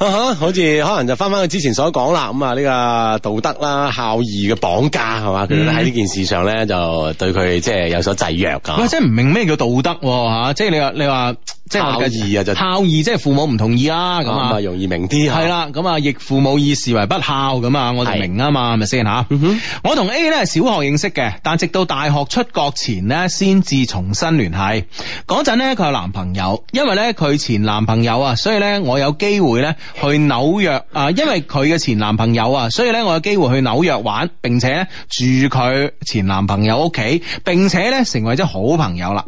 Uh-huh, 好似可能就翻翻佢之前所講啦，咁啊呢個道德啦孝義嘅綁架係嘛？佢喺呢件事上咧就對佢即係有所制約噶。或者唔明咩叫道德喎嚇？即係你話你話，即係孝義啊義就孝義，即係父母唔同意啦，咁啊，容易明啲係啦。咁啊，亦父母以視為不孝咁、嗯、啊，的我明啊嘛，係咪先嚇？我同 A 咧係小學認識嘅，但直到大學出國前咧先至重新聯繫。嗰陣咧佢有男朋友，因為咧佢前男朋友啊，所以咧我有機會咧。去紐約啊，因為佢嘅前男朋友啊，所以咧我有機會去紐約玩，並且咧住佢前男朋友屋企，並且咧成為咗好朋友啦。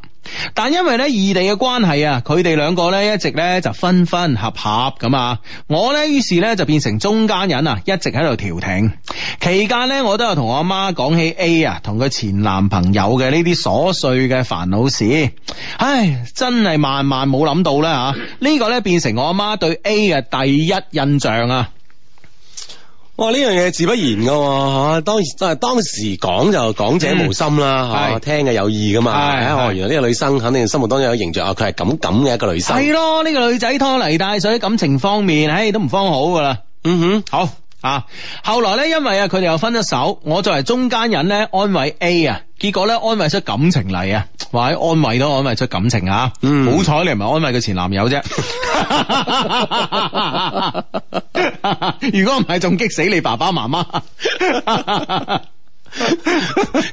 但因為咧異地嘅關係啊，佢哋兩個咧一直咧就分分合合咁啊，我咧於是咧就變成中間人啊，一直喺度調停。期間咧我都有同我阿媽講起 A 啊同佢前男朋友嘅呢啲瑣碎嘅煩惱事。唉，真係萬萬冇諗到啦吓，呢、這個咧變成我阿媽對 A 嘅第一印象啊！哇！呢樣嘢自不然噶，吓當都係當時講就講者無心啦，吓聽嘅有意噶嘛是、哎。哦，是原來呢個女生肯定心目當中有形象，啊，佢係咁咁嘅一個女生。係咯，呢、呢個女仔拖泥帶水，感情方面，唉、哎，都唔方好噶啦。嗯哼，好。啊！後來咧，因為啊，佢哋又分咗手，我作為中間人咧，安慰 A 啊，結果咧，安慰出感情嚟啊，或者安慰都安慰出感情啊，嗯、好彩你唔係安慰佢前男友啫，哈哈 如果唔係，仲激死你爸爸媽媽。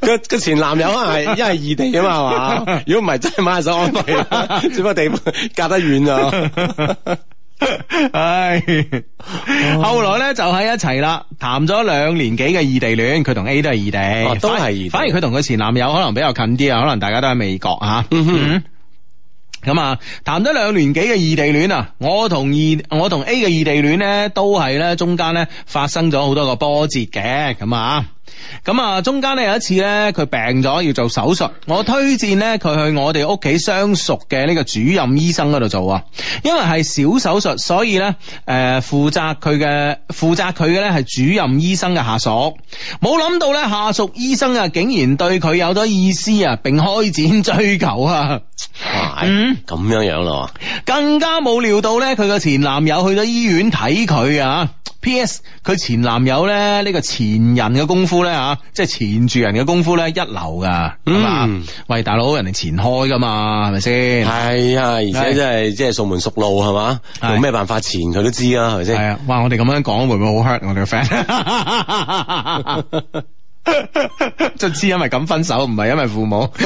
個個前男友係因為異地噶嘛，係嘛？如果唔係，真係買下手安慰，只不過地方隔得遠啊。哈哈唉， 後來咧就喺一齊啦，談咗兩年幾嘅異地戀，佢同 A 都係異地，哦、都係異地，反而佢同佢前男友可能比較近啲啊，可能大家都喺美國啊。咁、嗯、啊，談咗兩年幾嘅異地戀啊，我同二我同 A 嘅異地戀呢，都係呢中間呢發生咗好多個波折嘅，咁啊。咁啊，中間呢有一次呢，佢病咗要做手術，我推薦呢，佢去我哋屋企相熟嘅呢個主任醫生嗰度做啊，因為係小手術，所以呢，誒、呃、負責佢嘅，負責佢嘅呢係主任醫生嘅下屬，冇諗到呢，下屬醫生啊竟然對佢有咗意思啊，並開展追求啊，嗯，咁樣樣咯，更加冇料到呢，佢個前男友去咗醫院睇佢啊，P.S. 佢前男友呢，呢、呢個前人嘅功夫。咧嚇，即係纏住人嘅功夫咧一流噶，係嘛、嗯？喂，大佬，人哋纏開噶嘛，係咪先？係啊，而且、就是啊、即係即係熟門熟路係嘛？冇咩、啊、辦法纏，佢都知啊，係咪先？係啊，哇！我哋咁樣講會唔會好 hurt 我哋嘅 friend？卒之因為咁分手，唔係因為父母。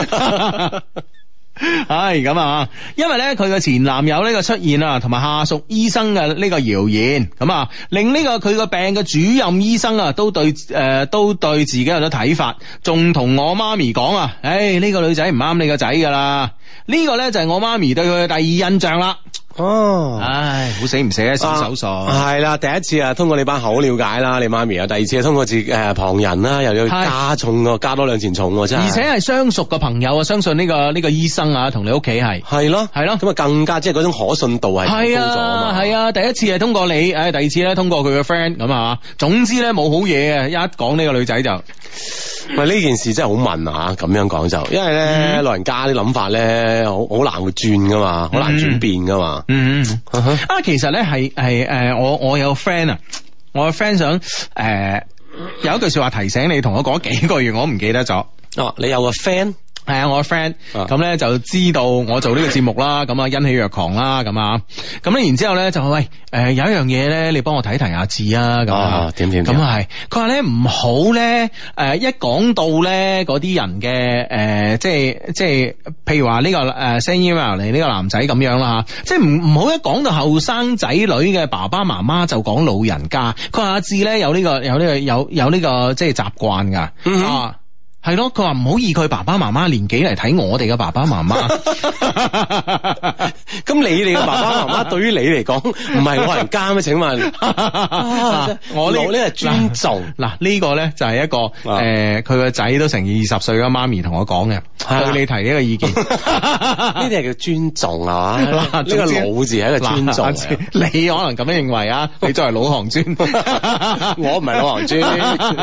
係咁、哎、啊，因為咧佢嘅前男友呢個出現啊，同埋下屬醫生嘅呢個謠言咁啊，令呢、這個佢個病嘅主任醫生啊都對誒、呃、都對自己有咗睇法，仲同我媽咪講啊，誒、哎、呢、這個女仔唔啱你個仔噶啦。呢個咧就係我媽咪對佢嘅第二印象啦。哦，唉，好死唔死瘦瘦瘦瘦啊！心手鎖係啦，第一次啊，通過你把口了解啦，你媽咪啊，第二次啊，通過自己、呃、旁人啦，又要加重個是加，加多兩錢重，真係而且係相熟嘅朋友啊，相信呢、呢個呢、呢個醫生啊，同你屋企係係咯係咯，咁啊更加即係嗰種可信度係高咗啊係啊，第一次係通過你，誒，第二次咧通過佢嘅 friend 咁啊，總之咧冇好嘢嘅，一講呢個女仔就咪呢 件事真係好問啊吓，咁樣講就，因為咧老人家啲諗法咧。誒，好好難會轉噶嘛，好難轉變噶嘛。嗯嗯啊，其實咧係係誒，我我有 friend 啊，我個 friend 想誒、呃，有一句說話提醒你，同我講咗幾個月，我唔記得咗。哦、啊，你有個 friend。係啊，我 friend 咁咧就知道我做呢個節目啦，咁啊，欣喜若狂啦，咁啊，咁咧，然之後咧就喂，誒，有一樣嘢咧，你幫我睇睇阿志啊，咁啊，點點咁啊係，佢、呃這個呃、話咧唔好咧，誒，一講到咧嗰啲人嘅，誒，即係即係，譬如話呢個誒，send email 嚟呢個男仔咁樣啦吓，即係唔唔好一講到後生仔女嘅爸爸媽媽就講老人家，佢話阿志咧有呢、這個有呢、這個有、這個、有呢、這個即係習慣噶，嗯、哼啊。係咯，佢話唔好以佢爸爸媽媽年紀嚟睇我哋嘅爸爸媽媽。咁你哋嘅爸爸媽媽對於你嚟講，唔係老人家咩？請問，我老呢係尊重。嗱呢個咧就係一個誒，佢個仔都成二十歲嘅媽咪同我講嘅，對你提呢個意見，呢啲係叫尊重啊？呢個老字係一個尊重。你可能咁樣認為啊？你作為老行尊，我唔係老行尊。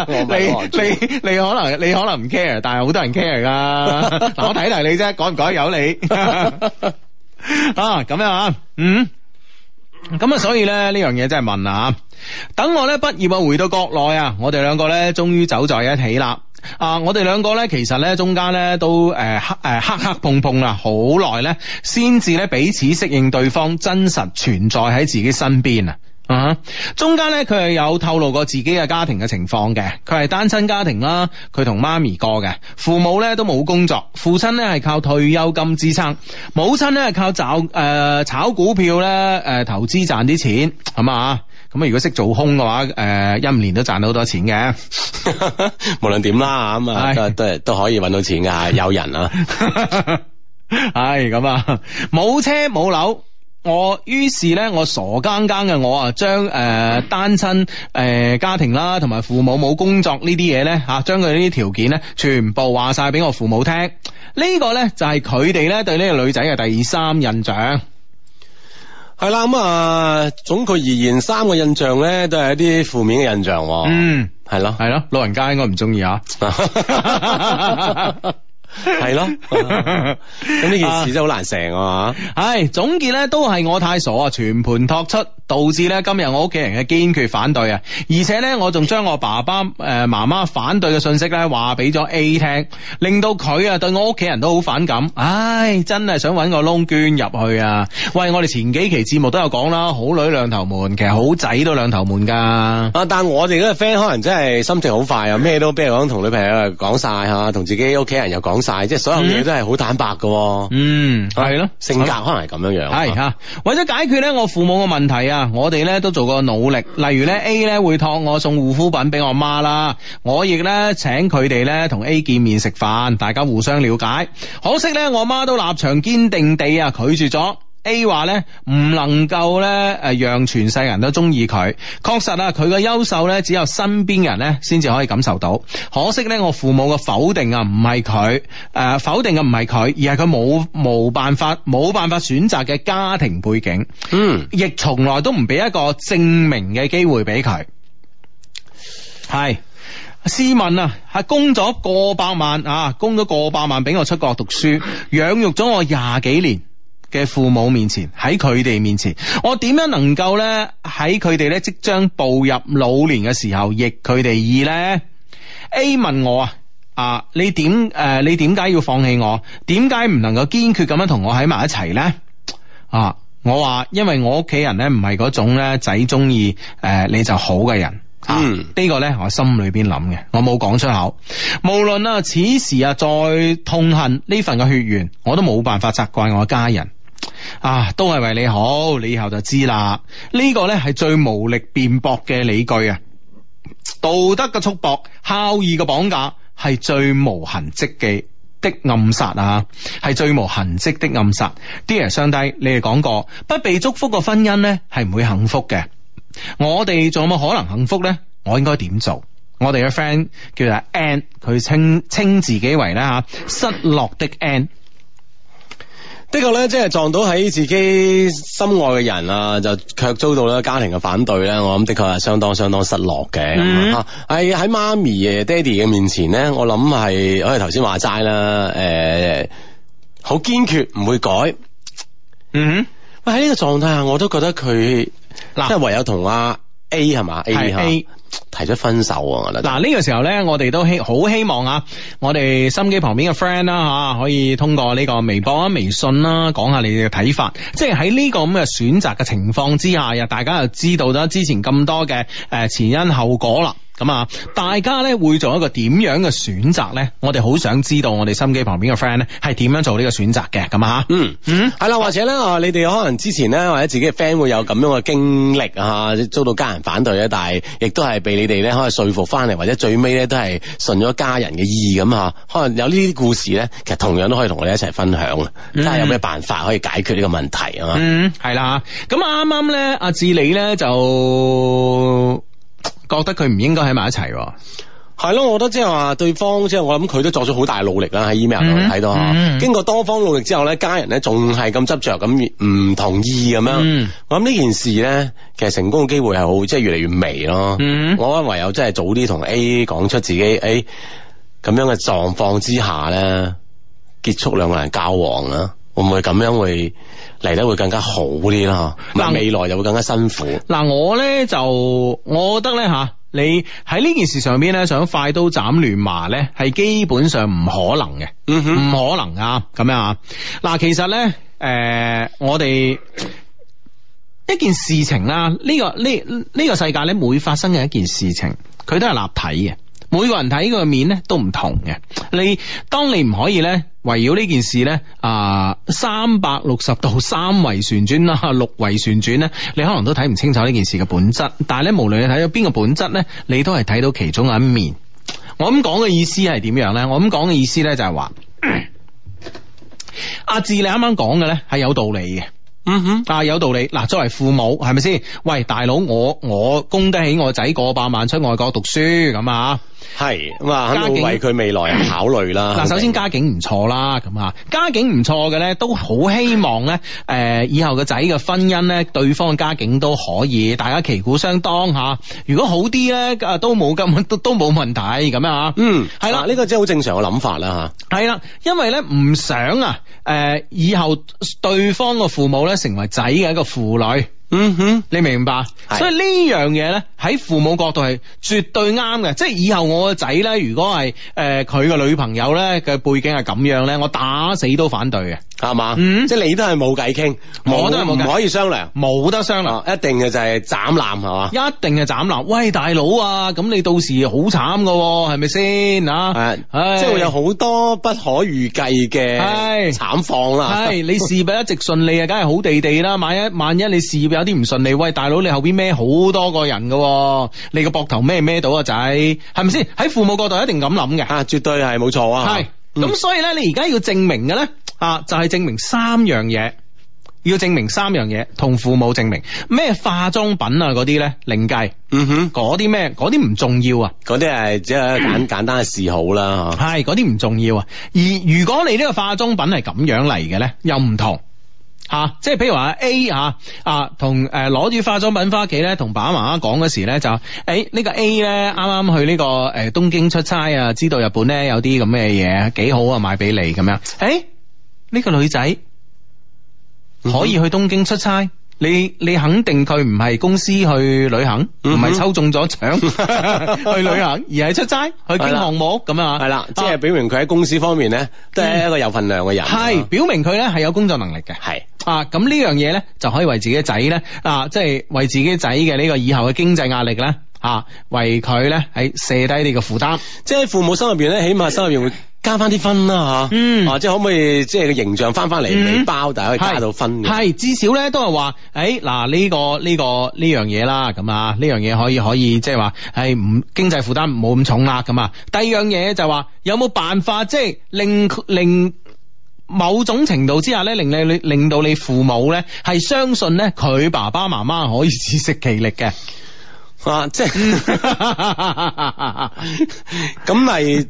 你你可能你可能。care，但係好多人 care 嚟噶。嗱，我睇睇你啫，改唔改由你啊？咁樣嗯咁啊，所以咧呢樣嘢真係問啊。等我咧畢業啊，回到國內啊，我哋兩個咧終於走在一起啦。啊，我哋兩個咧其實咧中間咧都誒誒磕磕碰碰啦，好耐咧先至咧彼此適應對方真實存在喺自己身邊啊。Uh huh. 中間呢，佢係有透露過自己嘅家庭嘅情況嘅，佢係單親家庭啦，佢同媽咪過嘅，父母呢都冇工作，父親呢係靠退休金支撐，母親呢係靠炒誒、呃、炒股票呢誒投資賺啲錢，咁啊，如果識做空嘅話，誒、呃、一年都賺到好多錢嘅， 無論點啦，咁啊 都都都可以搵到錢㗎，有人啊，唉、 哎，咁啊，冇車冇樓。我於是咧，我傻更更嘅我將、呃呃、啊，將誒單親誒家庭啦，同埋父母冇工作呢啲嘢咧，吓將佢呢啲條件咧，全部話晒俾我父母聽。這個、呢個咧就係佢哋咧對呢個女仔嘅第三印象。係啦，咁啊，總括而言，三個印象咧都係一啲負面嘅印象。嗯，係咯、嗯，係咯的，老人家應該唔中意啊。 係咯，咁呢件事真係好難成啊！唉，總結呢都係我太傻，啊，全盤托出，導致呢今日我屋企人嘅堅決反對啊！而且呢，我仲將我爸爸誒媽媽反對嘅信息呢話俾咗 A 聽，令到佢啊對我屋企人都好反感。唉，真係想搵個窿捐入去啊！喂，我哋前幾期節目都有講啦，好女兩頭門，其實好仔都兩頭門噶。啊，但我哋嗰個 friend 可能真係心情好快啊，咩都比如講同女朋友講晒，吓，同自己屋企人又講。晒即係所有嘢都係好坦白㗎，嗯係咯、啊、性格可能係咁樣樣，係吓為咗解決咧我父母嘅問題啊，我哋咧都做過努力，例如咧 A 咧會託我送護膚品俾我媽啦，我亦咧請佢哋咧同 A 見面食飯，大家互相了解。可惜咧我媽都立場堅定地啊拒絕咗。A 話咧唔能夠咧誒，讓全世界人都中意佢，確實啊佢嘅優秀咧只有身邊人咧先至可以感受到。可惜咧我父母嘅否定啊唔係佢，誒，否定嘅唔係佢，而係佢冇冇辦法冇辦法選擇嘅家庭背景，嗯，亦從來都唔俾一個證明嘅機會俾佢。係，試問啊，係供咗過百萬啊，供咗過百萬俾我出國讀書，養育咗我廿幾年。嘅父母面前，喺佢哋面前，我點樣能夠咧，喺佢哋咧即將步入老年嘅時候，逆佢哋意咧？A 問我啊啊，你點誒、呃，你點解、呃、要放棄我？點解唔能夠堅決咁樣同我喺埋一齊咧？啊，我話因為我屋企人咧唔係嗰種咧仔中意誒你就好嘅人，啊，嗯、個呢個咧我心裏邊諗嘅，我冇講出口。無論啊此時啊再痛恨呢份嘅血緣，我都冇辦法責怪我家人。啊，都係為你好，你以後就知啦。呢、這個呢係最無力辯駁嘅理據啊！道德嘅束縛、孝義嘅綁架，係最無痕迹嘅的暗殺啊！係最無痕迹的暗殺。Dear 上帝，你哋講過，不被祝福嘅婚姻呢係唔會幸福嘅。我哋仲有冇可能幸福呢？我應該點做？我哋嘅 friend 叫做 Ann，佢稱稱自己為咧吓，失落的 Ann。的確咧，即係撞到喺自己心愛嘅人啊，就卻遭到咧家庭嘅反對咧，我諗的確係相當相當失落嘅。吓、mm，係喺媽咪、爹哋嘅面前咧，我諗係可以頭先話齋啦。誒，好、啊、堅決唔會改。嗯喂喺呢個狀態下，我都覺得佢，即係唯有同阿 A 係嘛 A, A。提出分手啊！嗱，呢個時候咧，我哋都希好希望啊，我哋心機旁邊嘅 friend 啦，吓可以通過呢個微博啊、微信啦，講下你哋嘅睇法。即係喺呢個咁嘅選擇嘅情況之下，又大家又知道咗之前咁多嘅誒前因後果啦。咁啊，大家咧會做一個點樣嘅選擇咧？我哋好想知道我哋心機旁邊嘅 friend 咧係點樣做呢個選擇嘅？咁啊，吓，嗯嗯，係啦、嗯，或者咧，你哋可能之前咧或者自己嘅 friend 會有咁樣嘅經歷啊，遭到家人反對咧，但係亦都係被你哋咧可以說服翻嚟，或者最尾咧都係順咗家人嘅意咁啊，可能有呢啲故事咧，其實同樣都可以同我哋一齊分享，睇下、嗯、有咩辦法可以解決呢個問題啊嘛。嗯，係啦，咁啱啱咧，阿志理咧就。覺得佢唔應該喺埋一齊，係咯。我覺得即係話對方，即係我諗佢都作咗好大努力啦，喺 email 度睇到。Mm hmm. 經過多方努力之後咧，家人咧仲係咁執着，咁唔同意咁樣。Mm hmm. 我諗呢件事咧，其實成功嘅機會係好，即係越嚟越微咯。Mm hmm. 我諗唯有真係早啲同 A 講出自己誒咁、哎、樣嘅狀況之下咧，結束兩個人交往啦！會唔會咁樣會嚟得會更加好啲啦嗱、啊，未來又會更加辛苦。嗱、啊，我咧就我覺得咧吓、啊，你喺呢件事上邊咧想快刀斬亂麻咧，係基本上唔可能嘅。嗯哼，唔可能啊！咁樣啊？嗱，其實咧，誒、呃，我哋一件事情啊，呢個呢呢個世界咧，每發生嘅一件事情，佢都係立體嘅。每個人睇個面咧都唔同嘅。你當你唔可以咧圍繞呢件事咧，啊三百六十度三維旋轉啦六維旋轉咧，你可能都睇唔清楚呢件事嘅本質。但係咧，無論你睇到邊個本質咧，你都係睇到其中一面。我咁講嘅意思係點樣咧？我咁講嘅意思咧就係、是、話，阿、呃、志、啊、你啱啱講嘅咧係有道理嘅。嗯哼，啊有道理。嗱，作為父母係咪先？喂，大佬，我我供得起我個仔過百萬出外國讀書咁啊？係咁啊，嗯、家境肯定為佢未來考慮啦。嗱、嗯，首先家境唔錯啦，咁啊，家境唔錯嘅咧，都好希望咧，誒、呃，以後個仔嘅婚姻咧，對方嘅家境都可以，大家旗鼓相當吓。如果好啲咧，都冇咁都都冇問題咁、嗯、樣啊。嗯，係啦，呢個真係好正常嘅諗法啦吓。係啦，因為咧唔想啊，誒、呃，以後對方個父母咧。成為仔嘅一個婦女，嗯哼，你明白？是所以呢樣嘢咧，喺父母角度係絕對啱嘅。即係以後我個仔咧，如果係誒佢嘅女朋友咧嘅背景係咁樣咧，我打死都反對嘅。係嘛？嗯，即係你都係冇偈傾，冇唔可以商量，冇得商量。一定嘅就係斬纜，係嘛？一定係斬纜。喂，大佬啊，咁你到時好慘噶，係咪先？啊，係，即係會有好多不可預計嘅慘況啦。係，你事業一直順利啊，梗係好地地啦。萬一萬一你事業有啲唔順利，喂，大佬你後邊孭好多個人噶，你個膊頭孭孭到啊，仔，係咪先？喺父母角度一定咁諗嘅。啊，絕對係冇錯啊。係。咁所以咧，你而家要證明嘅咧，啊，就係證明三樣嘢，要證明三樣嘢，同父母證明咩化妝品啊嗰啲咧，另計。嗯哼，嗰啲咩？嗰啲唔重要啊。嗰啲係只係簡 簡單嘅嗜好啦，嚇。係嗰啲唔重要啊。而如果你呢個化妝品係咁樣嚟嘅咧，又唔同。吓，即係譬如話 A 啊啊，同誒攞住化妝品翻屋企咧，同爸爸媽媽講嗰時咧就誒呢個 A 咧，啱啱去呢個誒東京出差啊，知道日本咧有啲咁嘅嘢幾好啊，買俾你咁樣。誒呢個女仔可以去東京出差，你你肯定佢唔係公司去旅行，唔係抽中咗獎去旅行，而係出差去傾項目咁啊。係啦，即係表明佢喺公司方面咧都係一個有份量嘅人，係表明佢咧係有工作能力嘅，係。啊，咁呢樣嘢咧，就可以為自己仔咧，啊，即、就、係、是、為自己仔嘅呢個以後嘅經濟壓力咧，啊，為佢咧喺卸低呢個負擔，即係父母心入邊咧，起碼心入邊會加翻啲分啦、啊，吓，嗯，啊，即係可唔可以，即係個形象翻翻嚟，未、嗯、包，但係可以加到分嘅，係、嗯，至少咧都係話，誒、哎，嗱、這個，呢、這個呢、這個呢樣嘢啦，咁、這、啊、個，呢樣嘢可以可以，即係話係唔經濟負擔冇咁重啦，咁啊，第二樣嘢就話有冇辦法即係令令。某種程度之下咧，令你令到你父母咧係相信咧佢爸爸媽媽可以自食其力嘅。啊，即係咁咪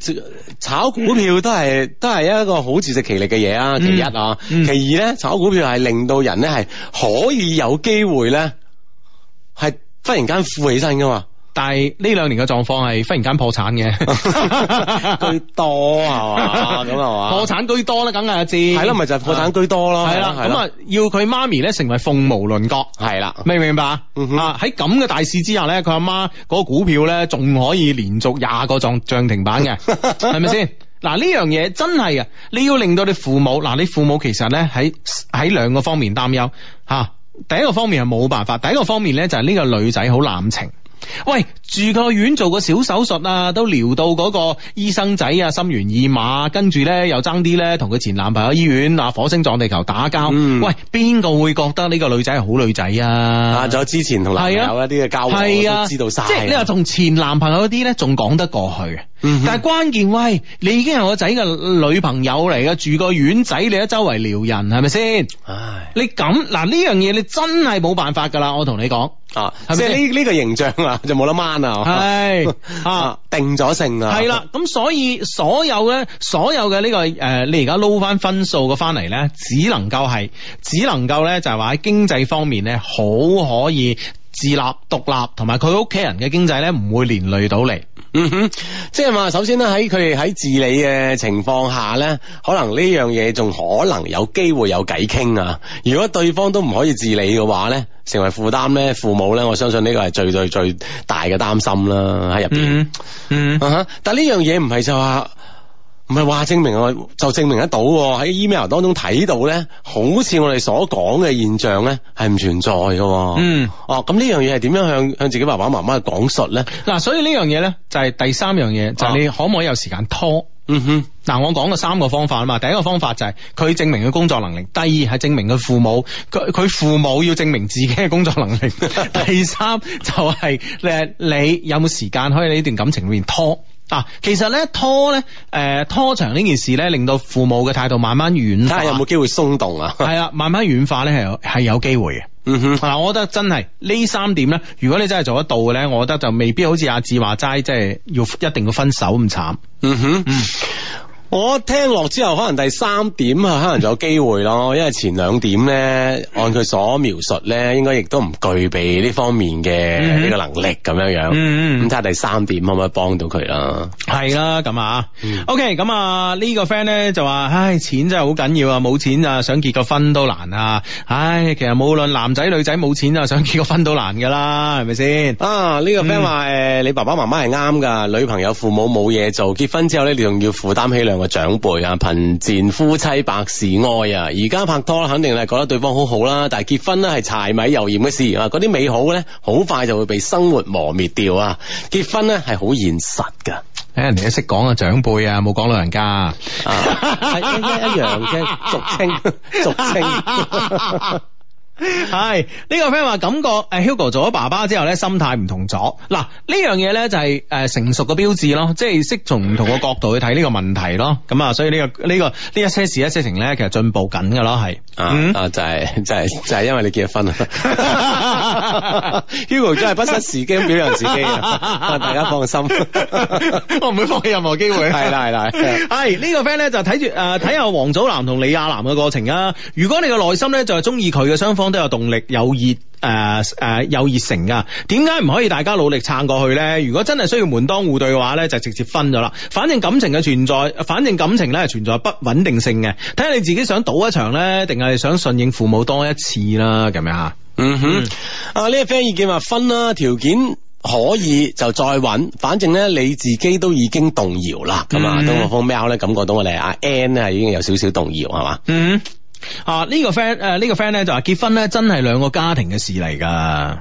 炒股票都係都係一個好自食其力嘅嘢啊，其一啊，嗯、其二咧，嗯、炒股票係令到人咧係可以有機會咧係忽然間富起身噶嘛。但係呢兩年嘅狀況係忽然間破產嘅， 居多係咁啊，破產居多啦，梗係阿志，係咯，咪就係、是、破產居多咯，係啦咁啊，要佢媽咪咧成為鳳毛麟角，係啦，明唔明白啊？喺咁嘅大市之下咧，佢阿媽嗰個股票咧仲可以連續廿個漲漲停板嘅，係咪先？嗱呢 樣嘢真係啊！你要令到你父母嗱，你父母其實咧喺喺兩個方面擔憂吓，第一個方面係冇辦法，第一個方面咧就係呢個女仔好濫情。喂，住個院做個小手術啊，都撩到嗰個醫生仔啊心猿意馬，呢呢跟住咧又爭啲咧同佢前男朋友醫院啊火星撞地球打交。嗯、喂，邊個會覺得呢個女仔係好女仔啊？啊，咗之前同男朋友一啲嘅交往，啊，知道晒，啊。即係你話同前男朋友嗰啲咧，仲講得過去。嗯、但係關鍵，喂，你已經係我仔嘅女朋友嚟嘅，住個院仔，你喺周圍撩人，係咪先？唉，你咁嗱呢樣嘢，樣你真係冇辦法噶啦，我同你講。啊，係咪啊，即係呢呢個形象是啊，就冇得掹啊，係啊，定咗性啊。係啦，咁所以所有咧，所有嘅呢、這個誒、呃，你而家撈翻分數嘅翻嚟咧，只能夠係，只能夠咧就係話喺經濟方面咧，好可以自立獨立，同埋佢屋企人嘅經濟咧，唔會連累到你。嗯哼，即係話，首先咧喺佢哋喺自理嘅情況下咧，可能呢樣嘢仲可能有機會有偈傾啊。如果對方都唔可以自理嘅話咧，成為負擔咧，父母咧，我相信呢個係最最最大嘅擔心啦，喺入邊。嗯啊哈、嗯，但呢樣嘢唔係就話。唔係話證明啊，就證明得到喺 email 當中睇到咧，好似我哋所講嘅現象咧，係唔存在嘅。嗯，哦、啊，咁呢樣嘢係點樣向向自己爸爸媽媽講述咧？嗱、啊，所以呢樣嘢咧就係、是、第三樣嘢，就係、是、你可唔可以有時間拖、啊？嗯哼，嗱、啊，我講嘅三個方法啊嘛，第一個方法就係佢證明佢工作能力，第二係證明佢父母，佢佢父母要證明自己嘅工作能力， 第三就係誒你，你有冇時間可以喺呢段感情裏面拖？嗱、啊，其實咧拖咧，誒、呃、拖長呢件事咧，令到父母嘅態度慢慢軟化，看看有冇機會鬆動啊？係 啊，慢慢軟化咧係有係有機會嘅。嗯哼，嗱、啊，我覺得真係呢三點咧，如果你真係做得到嘅咧，我覺得就未必好似阿志話齋，即係要一定要分手咁慘。嗯哼。嗯。我聽落之後，可能第三點啊，可能就有機會咯， 因為前兩點咧，按佢所描述咧，應該亦都唔具備呢方面嘅呢個能力咁樣、嗯、樣。嗯嗯，咁睇下第三點可唔可以幫到佢啦？係啦、啊，咁啊、嗯、，OK，咁啊呢、這個 friend 咧就話：，唉，錢真係好緊要啊，冇錢啊，想結個婚都難啊！唉，其實無論男仔女仔冇錢啊，想結個婚都難噶啦，係咪先？啊，呢、啊這個 friend 話：，誒、嗯，你爸爸媽媽係啱噶，女朋友父母冇嘢做，結婚之後咧，你仲要負擔起兩。個長輩啊，貧賤夫妻百事哀啊！而家拍拖肯定係覺得對方好好啦，但係結婚呢係柴米油鹽嘅事啊！嗰啲美好咧，好快就會被生活磨滅掉啊！結婚咧係好現實噶，誒、哎，你都識講啊，長輩 啊，冇講老人家啊，係一一樣啫，俗稱俗稱。 係呢、這個 friend 話感覺誒、啊、Hugo 做咗爸爸之後咧心態唔同咗，嗱呢樣嘢咧就係誒成熟嘅標誌咯，即係識從唔同個角度去睇呢個問題咯，咁啊所以呢、這個呢、這個呢一些事一些情咧其實進步緊噶咯係，啊啊、嗯、就係、是、就係、是、就係、是、因為你結咗婚啊 ，Hugo 真係不失時機咁表揚自己，啊，大家放心， 我唔會放棄任何機會，係啦係啦係，呢、 這個 friend 咧就睇住誒睇下王祖藍同李亞男嘅過程啊，如果你個內心咧就係中意佢嘅雙方。都有動力，有熱誒誒，有熱誠噶點解唔可以大家努力撐過去呢？如果真係需要門當戶對嘅話咧，就直接分咗啦。反正感情嘅存在，反正感情呢係存在不穩定性嘅。睇下你自己想賭一場呢，定係想順應父母多一次啦。咁樣吓，嗯哼。嗯啊，呢、這個 friend 意見話分啦，條件可以就再揾。反正呢，你自己都已經動搖啦。咁啊，東方喵呢感覺到我哋阿 N 呢已經有少少動搖係嘛？嗯啊！呢、這個 friend 誒、呃，呢、這個 friend 咧就話結婚咧真係兩個家庭嘅事嚟噶。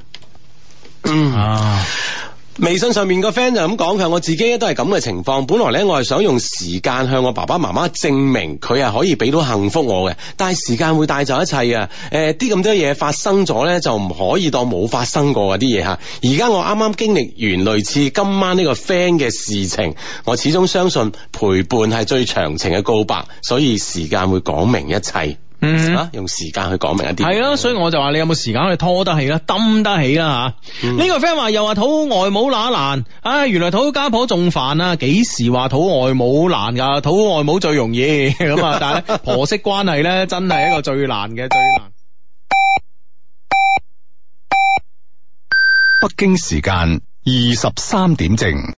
嗯啊， 微信上面個 friend 就咁講，佢我自己都係咁嘅情況。本來咧我係想用時間向我爸爸媽媽證明佢係可以俾到幸福我嘅，但係時間會帶走一切啊！誒、呃，啲咁多嘢發生咗咧，就唔可以當冇發生過啲嘢吓。而家我啱啱經歷完類似今晚呢個 friend 嘅事情，我始終相信陪伴係最長情嘅告白，所以時間會講明一切。嗯，啊、mm，hmm. 用時間去講明一啲，係啊，所以我就話你有冇時間去拖，拖得起啊，蹲得起啊。吓、hmm. 呢個 friend 話又話討外母乸難，啊、哎，原來討家婆仲煩啊。幾時話討外母難㗎？討外母最容易咁啊，但係婆媳關係咧， 真係一個最難嘅最難。北京時間二十三點正。